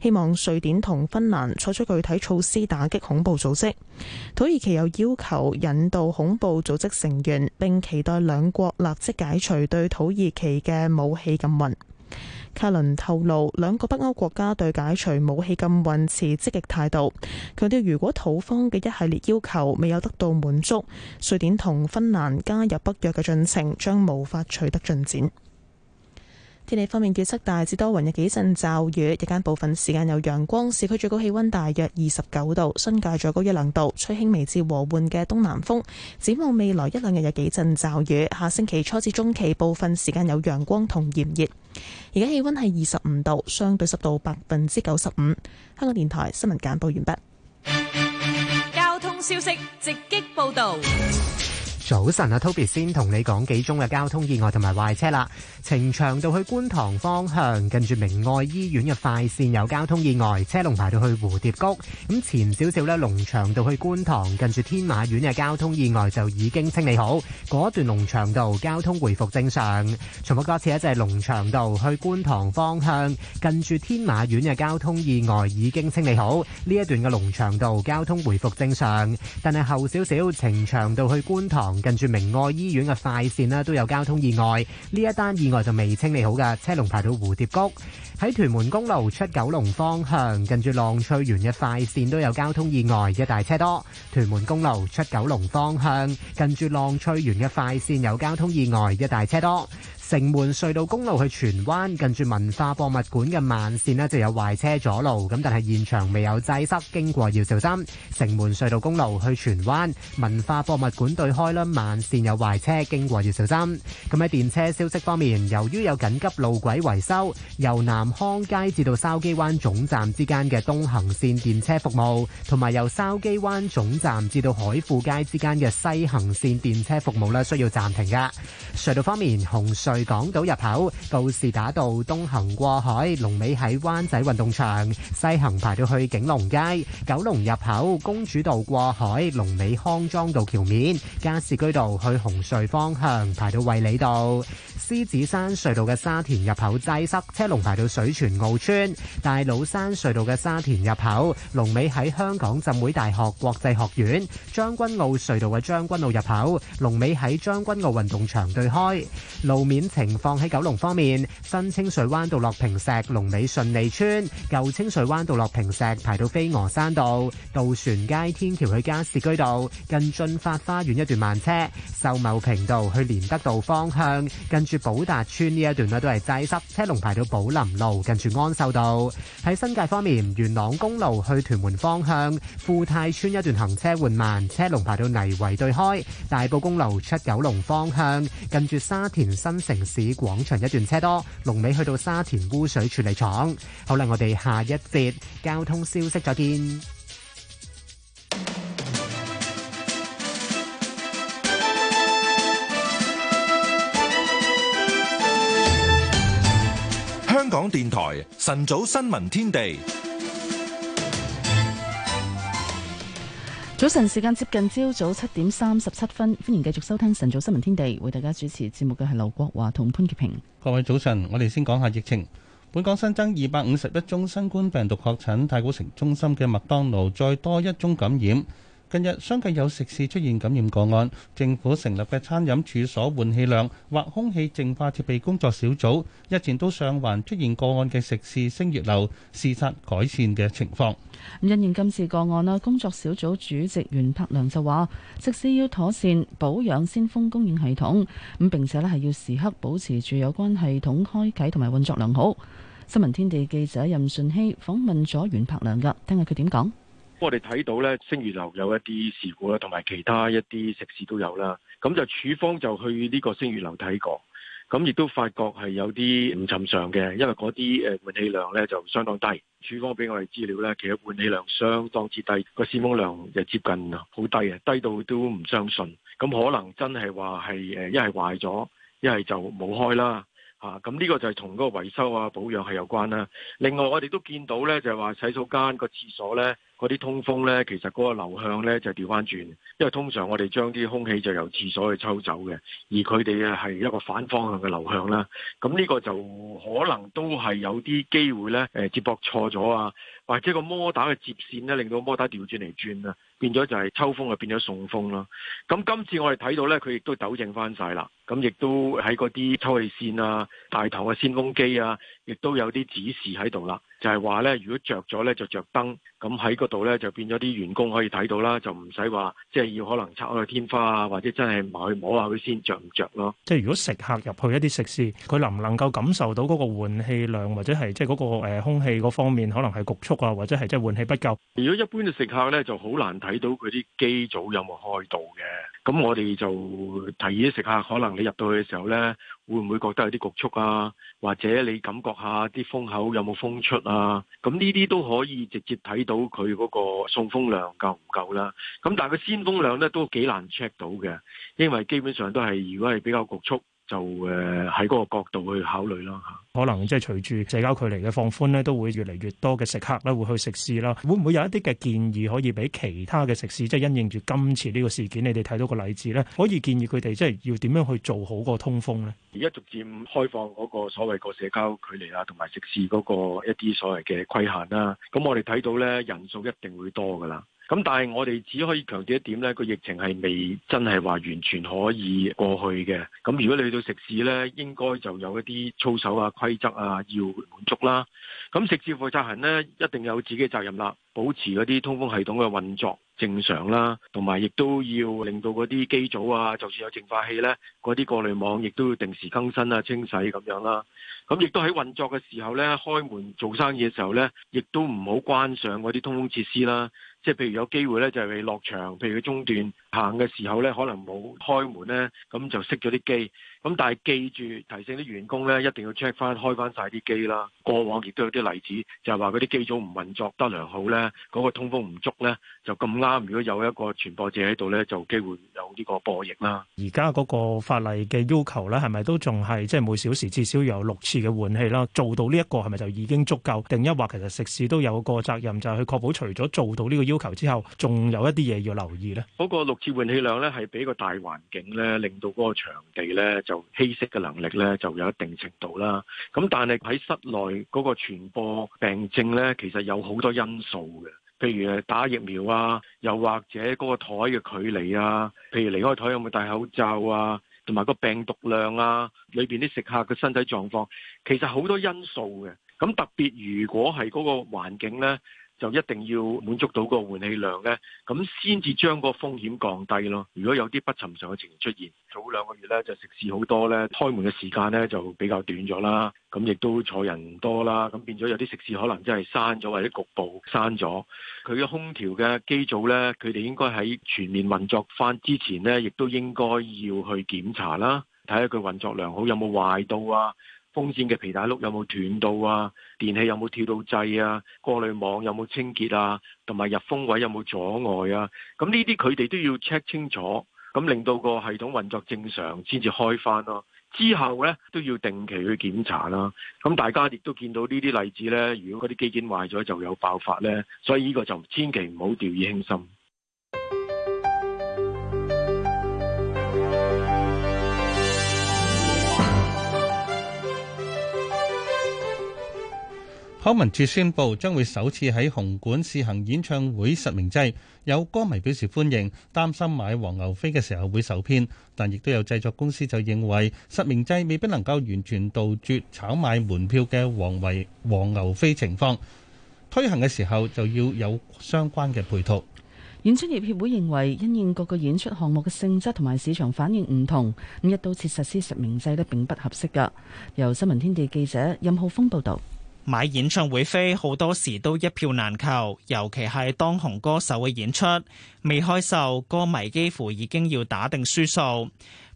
希望瑞典同芬蘭採取具體措施打擊恐怖組織。土耳其又要求引渡恐怖組織成員，並期待兩國立即解除對土耳其嘅武器禁運。卡倫透露，兩個北歐國家對解除武器禁運持積極態度，強調如果土方嘅一系列要求未有得到滿足，瑞典同芬蘭加入北約嘅進程將無法取得進展。天氣方面，雨勢大致多雲，有幾陣驟雨，日間部分時間有陽光。市區最高氣溫大約二十九度，新界再高一兩度，吹輕微至和緩嘅東南風。展望未來一兩日有幾陣驟雨，下星期初至中期部分時間有陽光同炎熱。而家氣溫係二十五度，相對濕度百分之九十五。香港電台新聞簡報完畢。交通消息直擊報道。早晨啊，Toby 先同你講幾宗嘅交通意外同埋壞車啦。呈祥道去觀塘方向，近住明愛醫院嘅快線有交通意外，車龍排到去蝴蝶谷。咁、嗯、前少少呢，龍翔道去觀塘，近住天馬苑嘅交通意外就已經清理好，嗰段龍翔道交通回復正常。重複多次啊，就係龍翔道去觀塘方向，近住天馬苑嘅交通意外已經清理好，呢一段嘅龍翔道交通回復正常。但係後少少，呈祥道去觀塘。近住明愛醫院嘅快線咧都有交通意外，呢一單意外就未清理好噶，車龍排到蝴蝶谷。喺屯門公路出九龍方向，近住浪翠園嘅快線都有交通意外，一大車多。屯門公路出九龍方向，近住浪翠園嘅快線有交通意外，一大車多。城門隧道公路去荃灣近住文化博物館嘅慢線咧就有壞車阻路，咁但係現場未有擠塞。經過要小心，城門隧道公路去荃灣文化博物館對開啦，慢線有壞車經過要小心。咁喺電車消息方面，由於有緊急路軌維修，由南康街至到筲箕灣總站之間嘅東行線電車服務，同埋由筲箕灣總站至到海富街之間嘅西行線電車服務咧需要暫停噶。隧道方面，紅隧。港島入口告士打道東行過海龍尾喺灣仔運動場，西行排到去景隆街；九龍入口公主道過海龍尾康莊道橋面，加士居道去紅隧方向排到衛理道。獅子山隧道嘅沙田入口擠塞，車龍排到水泉澳村；大老山隧道嘅沙田入口，龍尾喺香港浸會大學國際學院；將軍澳隧道嘅將軍澳入口，龍尾喺將軍澳運動場對開。路面情況喺九龍方面，新清水灣道落坪石，龍尾順利村；舊清水灣道落坪石，排到飛鵝山道；渡船街天橋去加士居道，近駿發花園一段慢車；秀茂坪道去連德道方向，跟住。寶達村呢一段呢都係擠塞，車龍排到寶林路，近住安秀道。喺新界方面，元朗公路去屯門方向，富泰村一段行車緩慢，車龍排到泥圍對開。大埔公路出九龍方向，近住沙田新城市廣場一段車多，龍尾去到沙田污水處理廠。好啦，我哋下一節交通消息再見。香港電台晨早新聞天地，早晨時間接近朝早七點三十七分，歡迎繼續收聽晨早新聞天地，為大家主持節目嘅係劉國華同潘潔平。各位早晨，我哋先講下疫情，本港新增二百五十一宗新冠病毒確診，太古城中心嘅麥當勞再多一宗感染。近日，相繼有食肆出現感染個案，政府成立嘅餐飲處所換氣量或空氣淨化設備工作小組，日前都上環出現個案嘅食肆升月樓，視察改善嘅情況。咁因應今次個案啦，工作小組主席袁柏良就話：食肆要妥善保養鮮風供應系統，咁並且咧係要時刻保持住有關系統開啓同埋運作良好。新聞天地記者任順熙訪問咗袁柏良噶，聽下佢點講。 我哋睇到呢，星月樓有一啲事故啦，同埋其他一啲食肆都有啦。咁就署方就去呢個星月樓睇過，咁亦都發覺係有啲唔尋常嘅，因為嗰啲誒換氣量呢就相當低。署方俾我哋資料呢，其實換氣量相當之低，個扇風量就接近好低嘅，低到都唔相信。咁可能真係話係誒一係壞咗，一係就冇開啦。吓、啊，咁呢個就係同嗰個維修啊保養係有關啦。另外我哋都見到呢，就係、是、話洗手間個廁所呢。嗰啲通風呢，其實嗰個流向呢，就調翻轉，因為通常我哋將啲空氣就由廁所去抽走嘅，而佢哋啊係一個反方向嘅流向啦。咁呢個就可能都係有啲機會呢，誒接駁錯咗啊！或者個摩打嘅接線咧，令到摩打調轉嚟轉啦，變咗就係抽風就變咗送風啦。咁今次我哋睇到咧，佢亦都糾正翻晒啦。咁亦都喺嗰啲抽氣扇啊、大堂嘅鮮風機啊，亦都有啲指示喺度啦。就係話咧，如果着咗咧就着燈，咁喺嗰度咧就變咗啲員工可以睇到啦，就唔使話即係要可能拆開天花啊，或者真係去摸摸下佢先着唔着咯。即係如果食客入去一啲食肆，佢能唔能夠感受到嗰個換氣量或者係即係嗰個空氣嗰方面可能係局促？或者係即係換氣不夠。如果一般嘅食客呢，就好難睇到佢啲機組有冇開到嘅。咁我哋就提議啲食客，可能你入到去嘅時候呢，會唔會覺得有啲局促啊？或者你感覺下啲風口有冇風出啊？咁呢啲都可以直接睇到佢嗰個送風量夠唔夠啦。咁但係佢鮮風量呢，都幾難 check 到嘅，因為基本上都係如果係比較局促。就誒喺嗰個角度去考慮啦，嚇，可能即係隨住社交距離嘅放寬咧，都會越嚟越多嘅食客咧會去食肆啦。會唔會有一啲嘅建議可以俾其他嘅食肆，即係因應住今次呢個事件，你哋睇到個例子咧，可以建議佢哋即係要點樣去做好個通風咧？而家逐漸開放嗰個所謂個社交距離啊，同埋食肆嗰個一啲所謂嘅規限啦，咁我哋睇到咧人數一定會多噶啦。咁但係我哋只可以強調一點，呢個疫情係未真係話完全可以過去嘅。咁如果你去到食肆呢，應該就有一啲操守啊、規則啊要滿足啦、啊。咁食肆負責人呢，一定有自己嘅責任啦，保持嗰啲通風系統嘅運作正常啦，同埋亦都要令到嗰啲機組啊，就算有淨化器呢，嗰啲過濾網亦都要定時更新啊、清洗咁樣啦。咁亦都喺運作嘅時候呢，開門做生意嘅時候呢，亦都唔好關上嗰啲通風設施啦。即係譬如有機會咧，就係你落場。譬如佢中段行嘅時候咧，可能冇開門咧，咁就熄咗啲機。咁但係記住提醒啲員工咧，一定要 check 翻開翻晒啲機啦。過往亦都有啲例子，就係話嗰啲機組唔運作得良好咧，嗰個通風唔足咧，就咁啱如果有一個傳播者喺度咧，就機會有呢個播疫啦。而家嗰個法例嘅要求咧，係咪都仲係即係每小時至少有六次嘅換氣啦？做到呢一個係咪就已經足夠？定一話其實食肆都有個責任，就係去確保除咗做到呢個要求之後，仲有一啲嘢要留意咧。嗰個六次換氣量咧，係俾個大環境咧，令到嗰個場地咧有稀釋嘅能力呢，就有一定程度啦。咁但係喺室內嗰個傳播病症呢，其實有好多因素嘅。譬如打疫苗啊，又或者嗰個台嘅距離啊，譬如離開台有冇戴口罩啊，同埋個病毒量啊，裏邊啲食客嘅身體狀況，其實好多因素嘅。咁特別如果係嗰個環境呢。就一定要滿足到個換氣量呢。咁先至將個風險降低咯。如果有啲不尋常嘅情形出現，早兩個月呢就食肆好多呢，開門嘅時間呢就比較短咗啦。咁亦都坐人多啦，咁變咗有啲食肆可能真係閂咗或者局部閂咗。佢嘅空調嘅機組呢，佢哋應該喺全面運作翻之前呢，亦都應該要去檢查啦，睇下佢運作良好有冇壞到啊？風扇嘅皮帶轆有冇斷到啊？電器有冇跳到掣啊？過濾網有冇清潔啊？同埋入風位有冇阻礙啊？咁呢啲佢哋都要 check 清楚，咁令到個系統運作正常先至開翻。咯之後呢，都要定期去檢查啦。咁大家亦都見到呢啲例子呢，如果嗰啲機件壞咗就有爆發呢，所以呢個就千祈唔好掉以輕心。康文署宣布將會首次喺紅館試行演唱會實名制，有歌迷表示歡迎，擔心買黃牛飛嘅時候會受騙，但亦都有製作公司就認為實名制未必能夠完全杜絕炒賣門票嘅黃為黃牛飛情況，推行嘅時候就要有相關嘅配套。演出業協會認為，因應各個演出項目嘅性質同埋市場反應唔同，咁一刀切實施實名制呢，並不合適。㗎，由新聞天地記者任浩峰報導。買演唱會飛好多時都一票難求，尤其係當紅歌手嘅演出未開售，歌迷幾乎已經要打定輸數。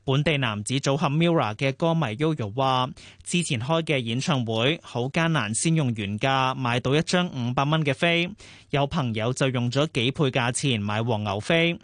本地男子組合 Mira 嘅歌迷 Yoyo 話，之前開嘅演唱會好艱難，先用原價買到一張五百蚊嘅飛。有朋友就用咗幾倍價錢買黃牛飛，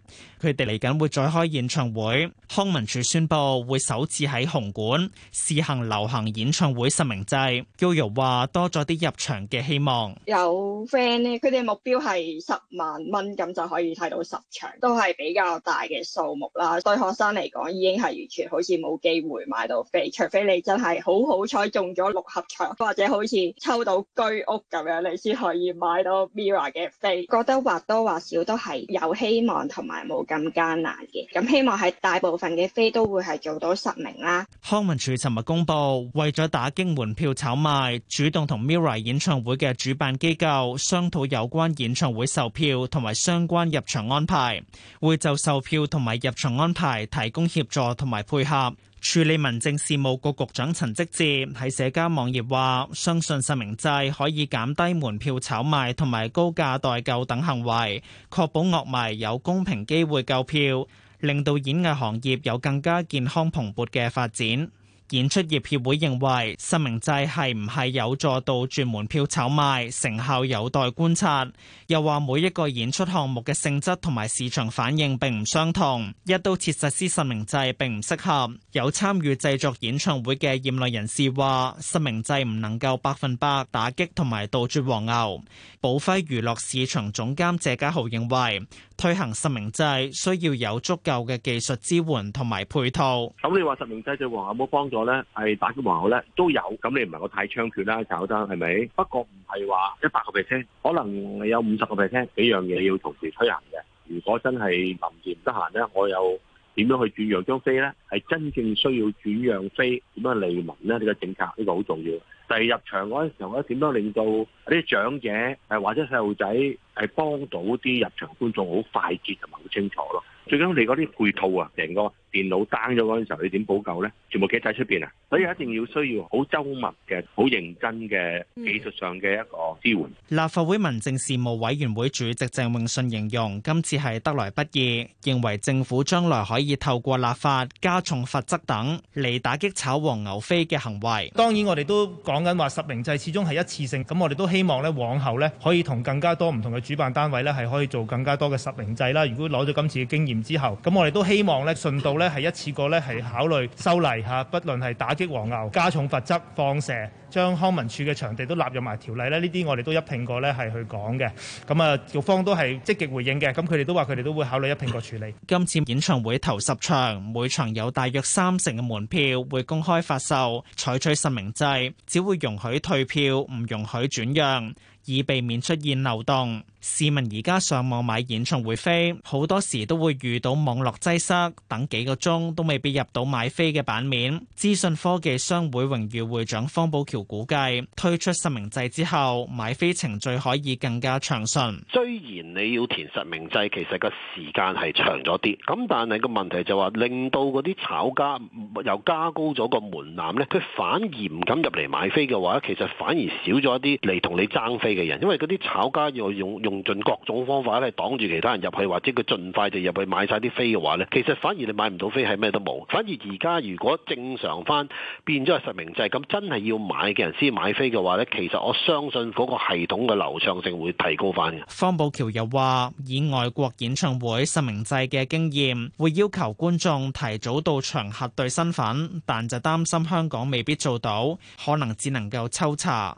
佢哋嚟緊會再開演唱會。康文署宣布會首次喺紅館試行流行演唱會實名制。Yoyo 話多咗啲入場嘅希望，有 friend 咧，佢哋目標係十萬蚊咁就可以睇到十場，都係比較大嘅數目啦。對學生嚟講已經係完全好似冇機會買到飛，除非你真係好好彩中咗六合彩，或者好似抽到居屋咁樣，你先可以買到 MIRROR 嘅飛覺得或多或少都係有希望同埋冇咁艱難嘅，咁希望係大部分嘅飛都會係做到實名啦。康文署尋日公布，為咗打擊門票炒賣，主動同 Mira 演唱會嘅主辦機構商討有關演唱會售票同埋相關入場安排，會就售票同埋入場安排提供協助同埋配合。處理民政事務局局長陳積志喺社交網頁話：相信實名制可以減低門票炒賣同埋高價代購等行為，確保樂迷有公平機會購票，令到演藝行業有更加健康蓬勃嘅發展。演出業協會認為實名制係唔係有助杜絕門票炒賣，成效有待觀察。又話每一個演出項目嘅性質同埋市場反應並唔相同，一刀切實施實名制並唔適合。有參與製作演唱會嘅業內人士話，實名制唔能夠百分百打擊同埋杜絕黃牛。寶輝娛樂市場總監謝家豪認為，推行實名制需要有足夠嘅技術支援同埋配套。咁你話實名制對黃牛有冇幫助？咧係打擊黃牛咧都有，咁你唔係我太猖獗啦，搞得係咪？不過唔係話一百個 percent，可能你有五十個 percent 幾樣嘢要同時推行嘅。如果真係臨時唔得閒咧，我又點樣去轉讓張飛咧？係真正需要轉讓飛點樣利民咧？呢個政策呢個好重要。第二入場嗰陣時候咧，點樣令到啲長者誒或者細路仔誒幫到啲入場觀眾好快捷，同埋好清楚咯。最緊要你嗰啲配套啊，成個電腦 down 咗嗰陣時候，你點補救呢？全部企晒出邊啊！所以一定要需要好周密嘅、好認真嘅技術上嘅一個支援。嗯、立法會民政事務委員會主席鄭泳舜形容今次係得來不易，認為政府將來可以透過立法加重罰則等嚟打擊炒黃牛飛嘅行為。當然我哋都講緊話實名制，始終係一次性。咁我哋都希望呢，往後呢，可以更同更加多唔同嘅主辦單位呢，係可以做更加多嘅實名制啦。如果攞咗今次嘅經驗，之後，咁我哋都希望咧，順道咧係一次過咧係考慮修例嚇，不論係打擊黃牛、加重罰則、放蛇，將康文署嘅場地都納入埋條例咧，呢啲我哋都一拼過咧係去講嘅。咁啊，局方都係積極回應嘅，咁佢哋都話佢哋都會考慮一拼過處理。今次演唱會頭十場，每場有大約三成嘅門票會公開發售，採取實名制，只會容許退票，唔容許轉讓，以避免出現漏洞。市民而家上網買演唱會飛，好多時都會遇到網絡擠塞，等幾個鐘都未必入到買飛嘅版面。資訊科技商會榮譽會長方寶橋估計，推出實名制之後，買飛程序可以更加暢順。雖然你要填實名制，其實個時間係長咗啲，咁但係個問題就話令到嗰啲炒家又加高咗個門檻咧，佢反而唔敢入嚟買飛嘅話，其實反而少咗啲嚟同你爭飛嘅人，因為嗰啲炒家要用用。用盡各種方法咧，擋住其他人入去，或者佢盡快就入去買晒啲飛嘅話，呢其實反而你買唔到飛係咩都冇。反而而家如果正常翻變咗係實名制咁，真係要買嘅人先買飛嘅話，呢其實我相信嗰個系統嘅流暢性會提高翻嘅。方寶橋又話以外國演唱會實名制嘅經驗，會要求觀眾提早到場核對身份，但就擔心香港未必做到，可能只能夠抽查。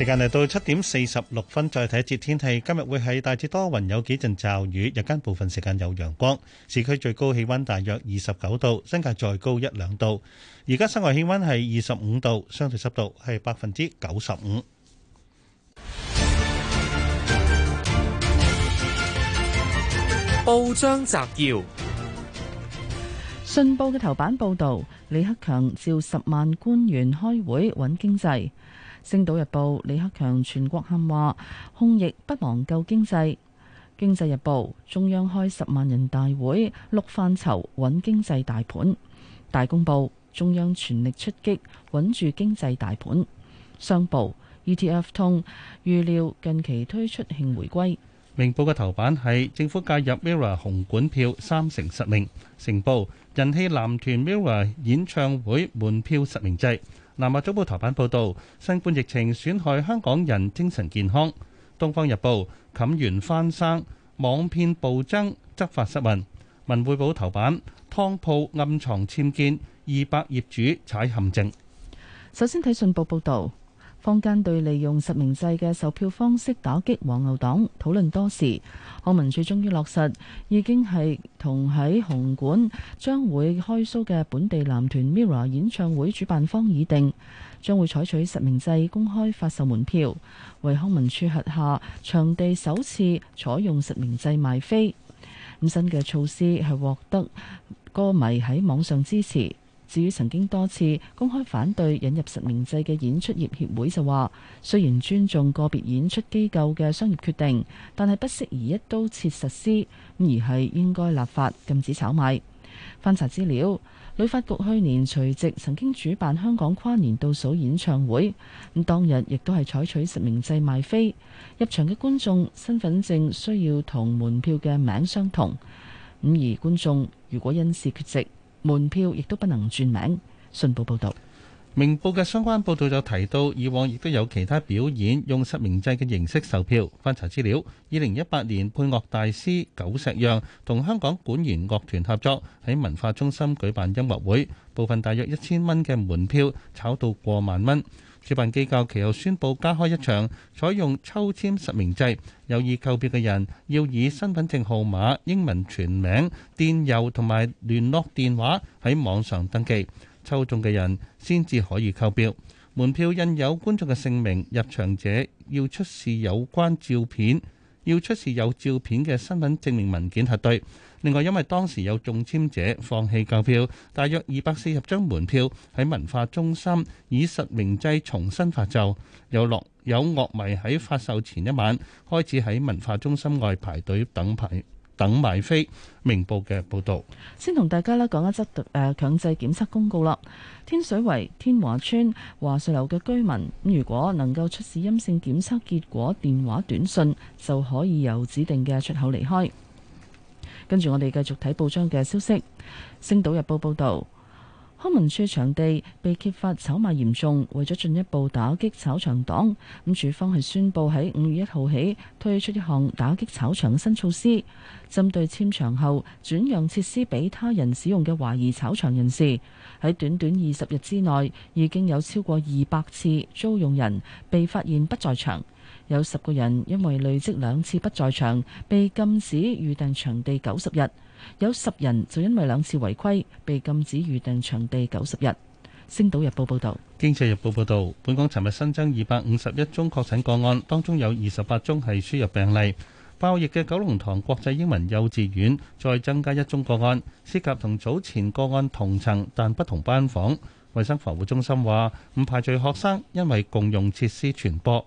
時間嚟到七點四十六分，再睇一節天氣。今日會係大致多雲，有幾陣驟雨。日間部分時間有陽光。市區最高氣温大約二十九度，新界再高一兩度。而家室外氣温係二十五度，相對濕度係百分之九十五。報章摘要：信報嘅頭版報道，李克強召十萬官員開會穩經濟。星島日報李克強全國喊話，抗疫不忘救經濟。經濟日報中央開十萬人大會，六範疇穩經濟大盤。大公報中央全力出擊，穩住經濟大盤。商報 ETF 通預料近期推出慶回歸。明報嘅頭版係政府介入 MIRROR 紅館票三成實名。成報人氣男團 MIRROR 演唱會門票實名制。南華早報頭版報導：新冠疫情損害香港人精神健康。《東方日報》冚完翻生，網騙暴增，執法失誤。《文匯報》頭版：湯鋪暗藏竊竊，二百業主踩陷阱。首先睇信報報道。坊間對利用實名制嘅售票方式打擊黃牛黨討論多時，康文署終於落實，已經係同喺紅館將會開 show 嘅本地男團 Mirror 演唱會主辦方已定，將會採取實名制公開發售門票，為康文署轄下場地首次採用實名制賣飛。咁新嘅措施係獲得歌迷喺網上支持。至於曾經多次公開反對引入實名制嘅演出業協會就話，雖然尊重個別演出機構嘅商業決定，但係不適宜一刀切實施，而係應該立法禁止炒賣。翻查資料，旅發局去年除夕曾經主辦香港跨年倒數演唱會，咁當日亦都係採取實名制賣飛，入場嘅觀眾身份證需要同門票嘅名相同，咁而觀眾如果因事缺席，門票亦都不能轉名。信報報導，明報嘅相關報導就提到，以往亦都有其他表演用實名制嘅形式售票。翻查資料，二零一八年配樂大師久石讓同香港管弦樂團合作喺文化中心舉辦音樂會，部分大約一千蚊嘅門票炒到過萬蚊。主辦機構其後宣佈加開一場，採用抽籤實名制，有意購票嘅人要以身份證號碼、英文全名、電郵同埋聯絡電話喺網上登記，抽中嘅人先至可以購票。門票印有觀眾嘅姓名，入場者要出示有關照片，要出示有照片嘅身份證明文件核對。另外，因為當時有中籤者放棄購票，大約二百四十張門票喺文化中心以實名制重新發售。有樂有樂迷喺發售前一晚開始喺文化中心外排隊等排等買飛。明報嘅報導。先同大家啦講一則誒強制檢測公告啦。天水圍天華村華瑞樓嘅居民，咁如果能夠出示陰性檢測結果，電話短信就可以由指定嘅出口離開。跟住我哋繼續睇報章嘅消息，《星島日報》報道，康文署場地被揭發炒賣嚴重，為咗進一步打擊炒場黨，咁署方係宣布喺五月一號起推出一項打擊炒場新措施，針對簽場後轉讓設施俾他人使用嘅懷疑炒場人士，喺短短二十日之內，已經有超過二百次租用人被發現不在場。有十個人因為累積兩次不在場，被禁止預訂場地九十日。有十人就因為兩次違規，被禁止預訂場地九十日。星島日報報道，經濟日報報道，本港尋日新增二百五十一宗確診個案，當中有二十八宗係輸入病例。爆疫嘅九龍塘國際英文幼稚園再增加一宗個案，涉及同早前個案同層但不同班房。衛生防護中心話唔排除學生因為共用設施傳播。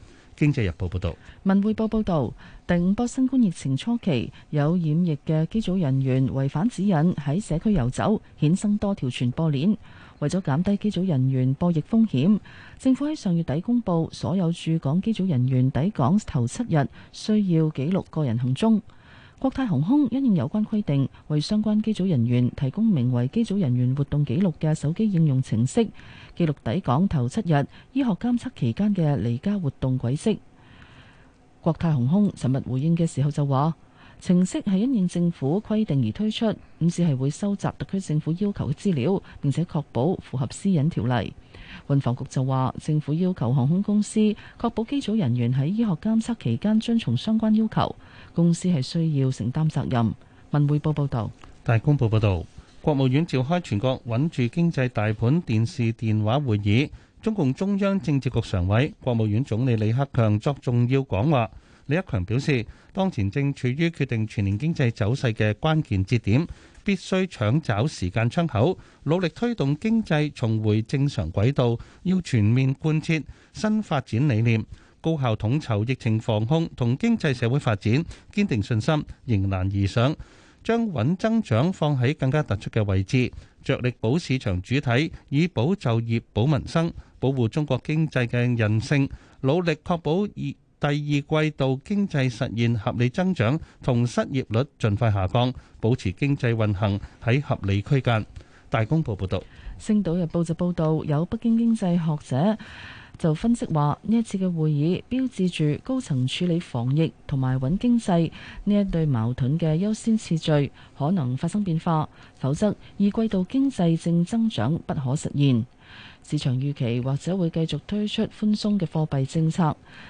經濟日報報道，文匯報報道，第五波新冠疫情初期有染疫嘅機組人員違反指引喺社區遊走，衍生多條傳播鏈。為咗減低機組人員播疫風險，政府喺上月底公布，所有駐港機組人員抵港頭七日需要記錄個人行蹤。國泰航空因應有關規定，為相關機組人員提供名為機組人員活動記錄嘅手機應用程式。記錄抵港頭七日醫學監測期間嘅離家活動軌跡。國泰航空尋日回應嘅時候就話，程式係因應政府規定而推出，咁只係會收集特區政府要求嘅資料，並且確保符合私隱條例。運房局就話，政府要求航空公司確保機組人員喺醫學監測期間遵從相關要求，公司係需要承擔責任。文匯報報道，大公報報道。國務院召開全國穩住經濟大盤電視電話會議，中共中央政治局常委、國務院總理李克強作重要講話。李克強表示，當前正處於決定全年經濟走勢嘅關鍵節點，必須搶抓時間窗口，努力推動經濟重回正常軌道。要全面貫徹新發展理念，高效統籌疫情防控同經濟社會發展，堅定信心，迎難而上。將穩增長放喺更加突出嘅位置，着力保市場主體，以保就業、保民生，保護中國經濟嘅韌性，努力確保二第二季度經濟實現合理增長，同失業率盡快下降，保持經濟運行喺合理區間。大公報報道，《星島日報》就報道，有北京經濟學者，就分析話，呢一次嘅會議標誌住高層處理防疫同埋穩經濟呢一對矛盾嘅優先次序可能發生變化，否則二季度經濟正增長不可實現。市場預期或者會繼續推出寬鬆嘅貨幣政策。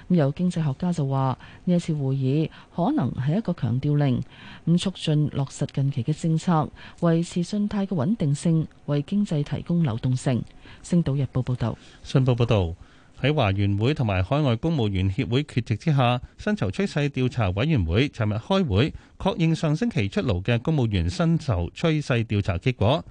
咁有經濟學家就話，呢一次會議可能係一個強調令，咁促進落實近期嘅政策，維持信貸嘅穩定性，為經濟提供流動性。星島日報報道。信報報道。喺華員會同埋海外公務員協會缺席之下，薪酬趨勢調查委員會尋日開會，確認上星期出爐嘅公務員薪酬趨勢調查結果。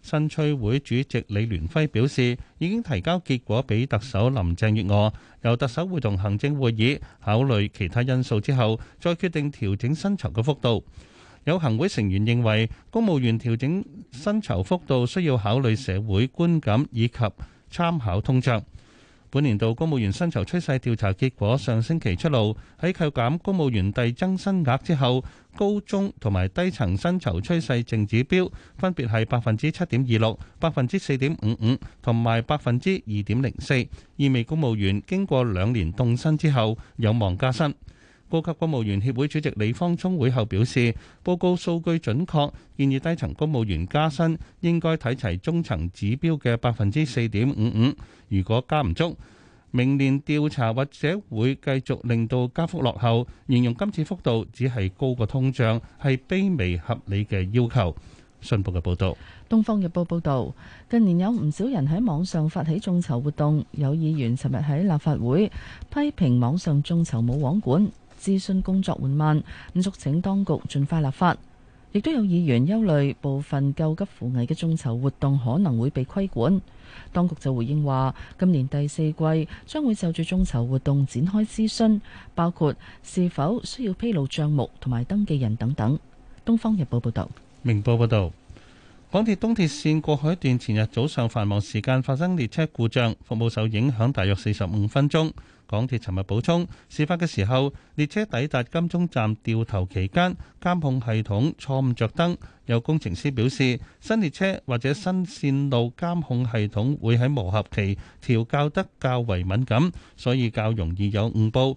薪趨會主席李聯輝表示，已經提交結果俾特首林鄭月娥，由特首會同行政會議考慮其他因素之後，再決定調整薪酬嘅幅度。有行會成員認為，公務員調整薪酬幅度需要考慮社會觀感以及參考通脹。本年度公務員薪酬趨勢調查結果上星期出爐，喺扣減公務員遞增薪額之後，高中同埋低層薪酬趨勢淨指標分別係百分之七點二六、百分之四點五五同埋百分之二點零四，意味公務員經過兩年凍薪之後有望加薪。高級公務員協會主席李方聰會後表示，報告數據準確，建議低層公務員加薪應該睇齊中層指標嘅百分之四點五五。如果加唔足，明年調查或者會繼續令到加幅落後。形容今次幅度只係高過通脹，係卑微合理嘅要求。信報嘅報道。《東方日報》報道，近年有唔少人喺網上發起眾籌活動，有議員尋日喺立法會批評網上眾籌冇網管。諮詢工作緩慢，咁促請當局盡快立法。亦都有議員憂慮部分救急扶危嘅眾籌活動可能會被規管。當局就回應話：今年第四季將會就住眾籌活動展開諮詢，包括是否需要披露帳目同埋登記人等等。《東方日報》報道。《明報》報道，港鐵東鐵線過海段前日早上繁忙時間發生列車故障，服務受影響大約四十五分鐘。港鐵尋日補充，事發嘅時候，列車抵達金鐘站調頭期間，監控系統錯誤着燈。有工程師表示，新列車或者新線路監控系統會喺磨合期調校得較為敏感，所以較容易有誤報。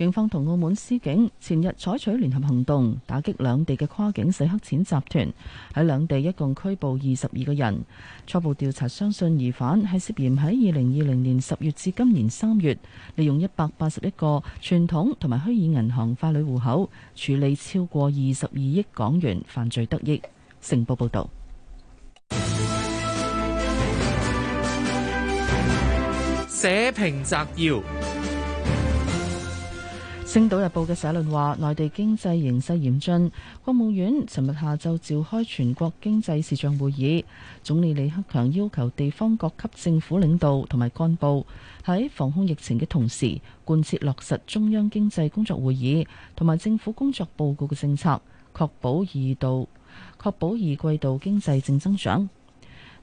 警方同澳門司警前日採取聯合行動，打擊兩地嘅跨境洗黑錢集團，喺兩地一共拘捕二十二個人。初步調查相信疑犯係涉嫌喺二零二零年十月至今年三月，利用一百八十一個傳統同埋虛擬銀行傀儡戶口，處理超過二十二億港元犯罪得益。成報報道。社評摘要。《星島日報》嘅社論話，內地經濟形勢嚴峻，國務院尋日下晝召開全國經濟視像會議，總理李克強要求地方各級政府領導同埋幹部喺防控疫情嘅同時，貫徹落實中央經濟工作會議同埋政府工作報告嘅政策，確保二度確保二季度經濟正增長。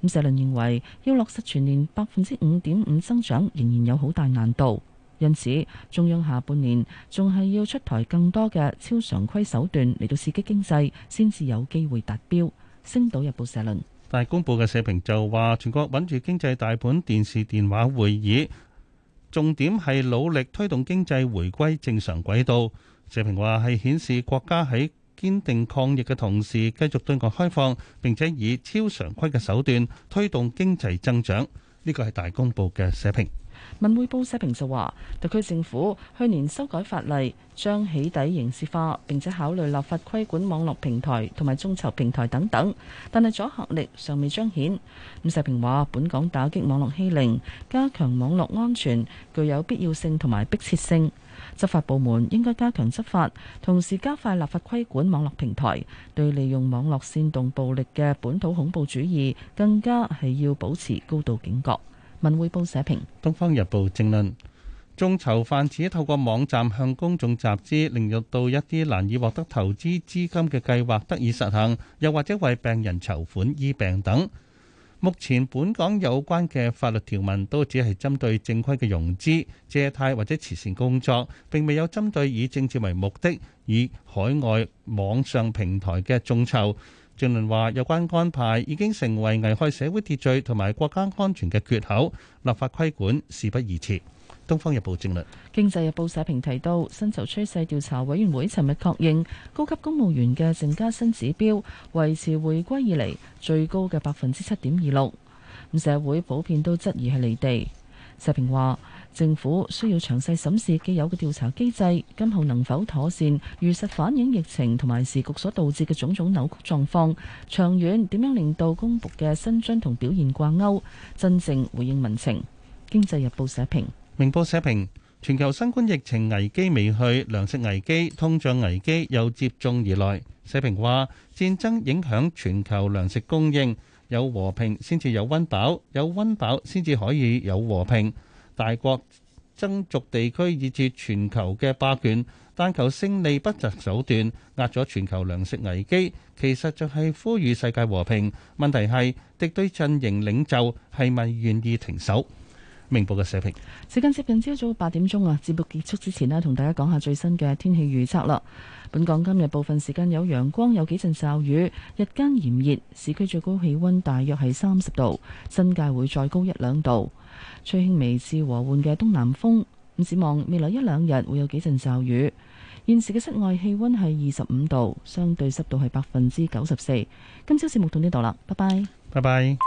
咁社論認為，要落實全年百分之五點五增長，仍然有好大難度。因此，中央下半年仲係要出台更多嘅超常規手段嚟到刺激經濟，先至有機會達標。星島日報社論，大公報嘅社評就話：全國穩住經濟大盤電視電話會議，重點係努力推動經濟回歸正常軌道。社評話係顯示國家喺堅定抗疫嘅同時，繼續對外開放，並且以超常規嘅手段推動經濟增長。呢個係大公報嘅社評。文匯報社評就話：特區政府去年修改法例，將起底刑事化，並且考慮立法規管網絡平台同埋眾籌平台等等，但係阻嚇力尚未彰顯。社評話：本港打擊網絡欺凌、加強網絡安全，具有必要性同埋迫切性。執法部門應該加強執法，同時加快立法規管網絡平台。對利用網絡煽動暴力嘅本土恐怖主義，更加係要保持高度警覺。文匯報社評：東方日報正論，眾籌泛指透過網站向公眾集資，令到一啲難以獲得投資資金嘅計劃得以實行，又或者為病人籌款醫病等。目前本港有關嘅法律條文都只係針對正規嘅融資、借貸或者慈善工作，並未有針對以政治為目的、以海外網上平台嘅眾籌。正論話：有關安排已經成為危害社會秩序同埋國家安全嘅缺口，立法規管事不宜遲。東方日報正論，經濟日報社評提到，薪酬趨勢調查委員會尋日確認，高級公務員嘅淨加薪指標維持回歸以嚟最高嘅百分之七點二六。咁社會普遍都質疑係離地。社評話。政府需要詳細審視既有嘅調查機制，今後能否妥善如實反映疫情同埋時局所導致嘅種種扭曲狀況？長遠點樣令到公僕嘅薪津同表現掛鈎，真正回應民情？經濟日報社評。明報社評，全球新冠疫情危機未去，糧食危機、通脹危機又接踵而來。社評話：戰爭影響全球糧食供應，有和平先至有温飽，有温飽先至可以有和平。大國爭逐地區以至全球嘅霸權，但求勝利不擇手段，壓咗全球糧食危機，其實就係呼籲世界和平。問題係敵對陣營領袖係咪願意停手？明報嘅社評。時間接近朝早八點鐘啊，節目結束之前咧，同大家講下最新嘅天氣預測啦。本港今日部分時間有陽光，有幾陣驟雨，日間炎熱，市區最高氣温大約係三十度，新界會再高一兩度。吹輕微至和緩嘅東南風，展望未來一兩日會有幾陣驟雨。現時嘅室外氣温係二十五度，相對濕度係百分之九十四。今朝節目到呢度啦，拜拜。拜拜。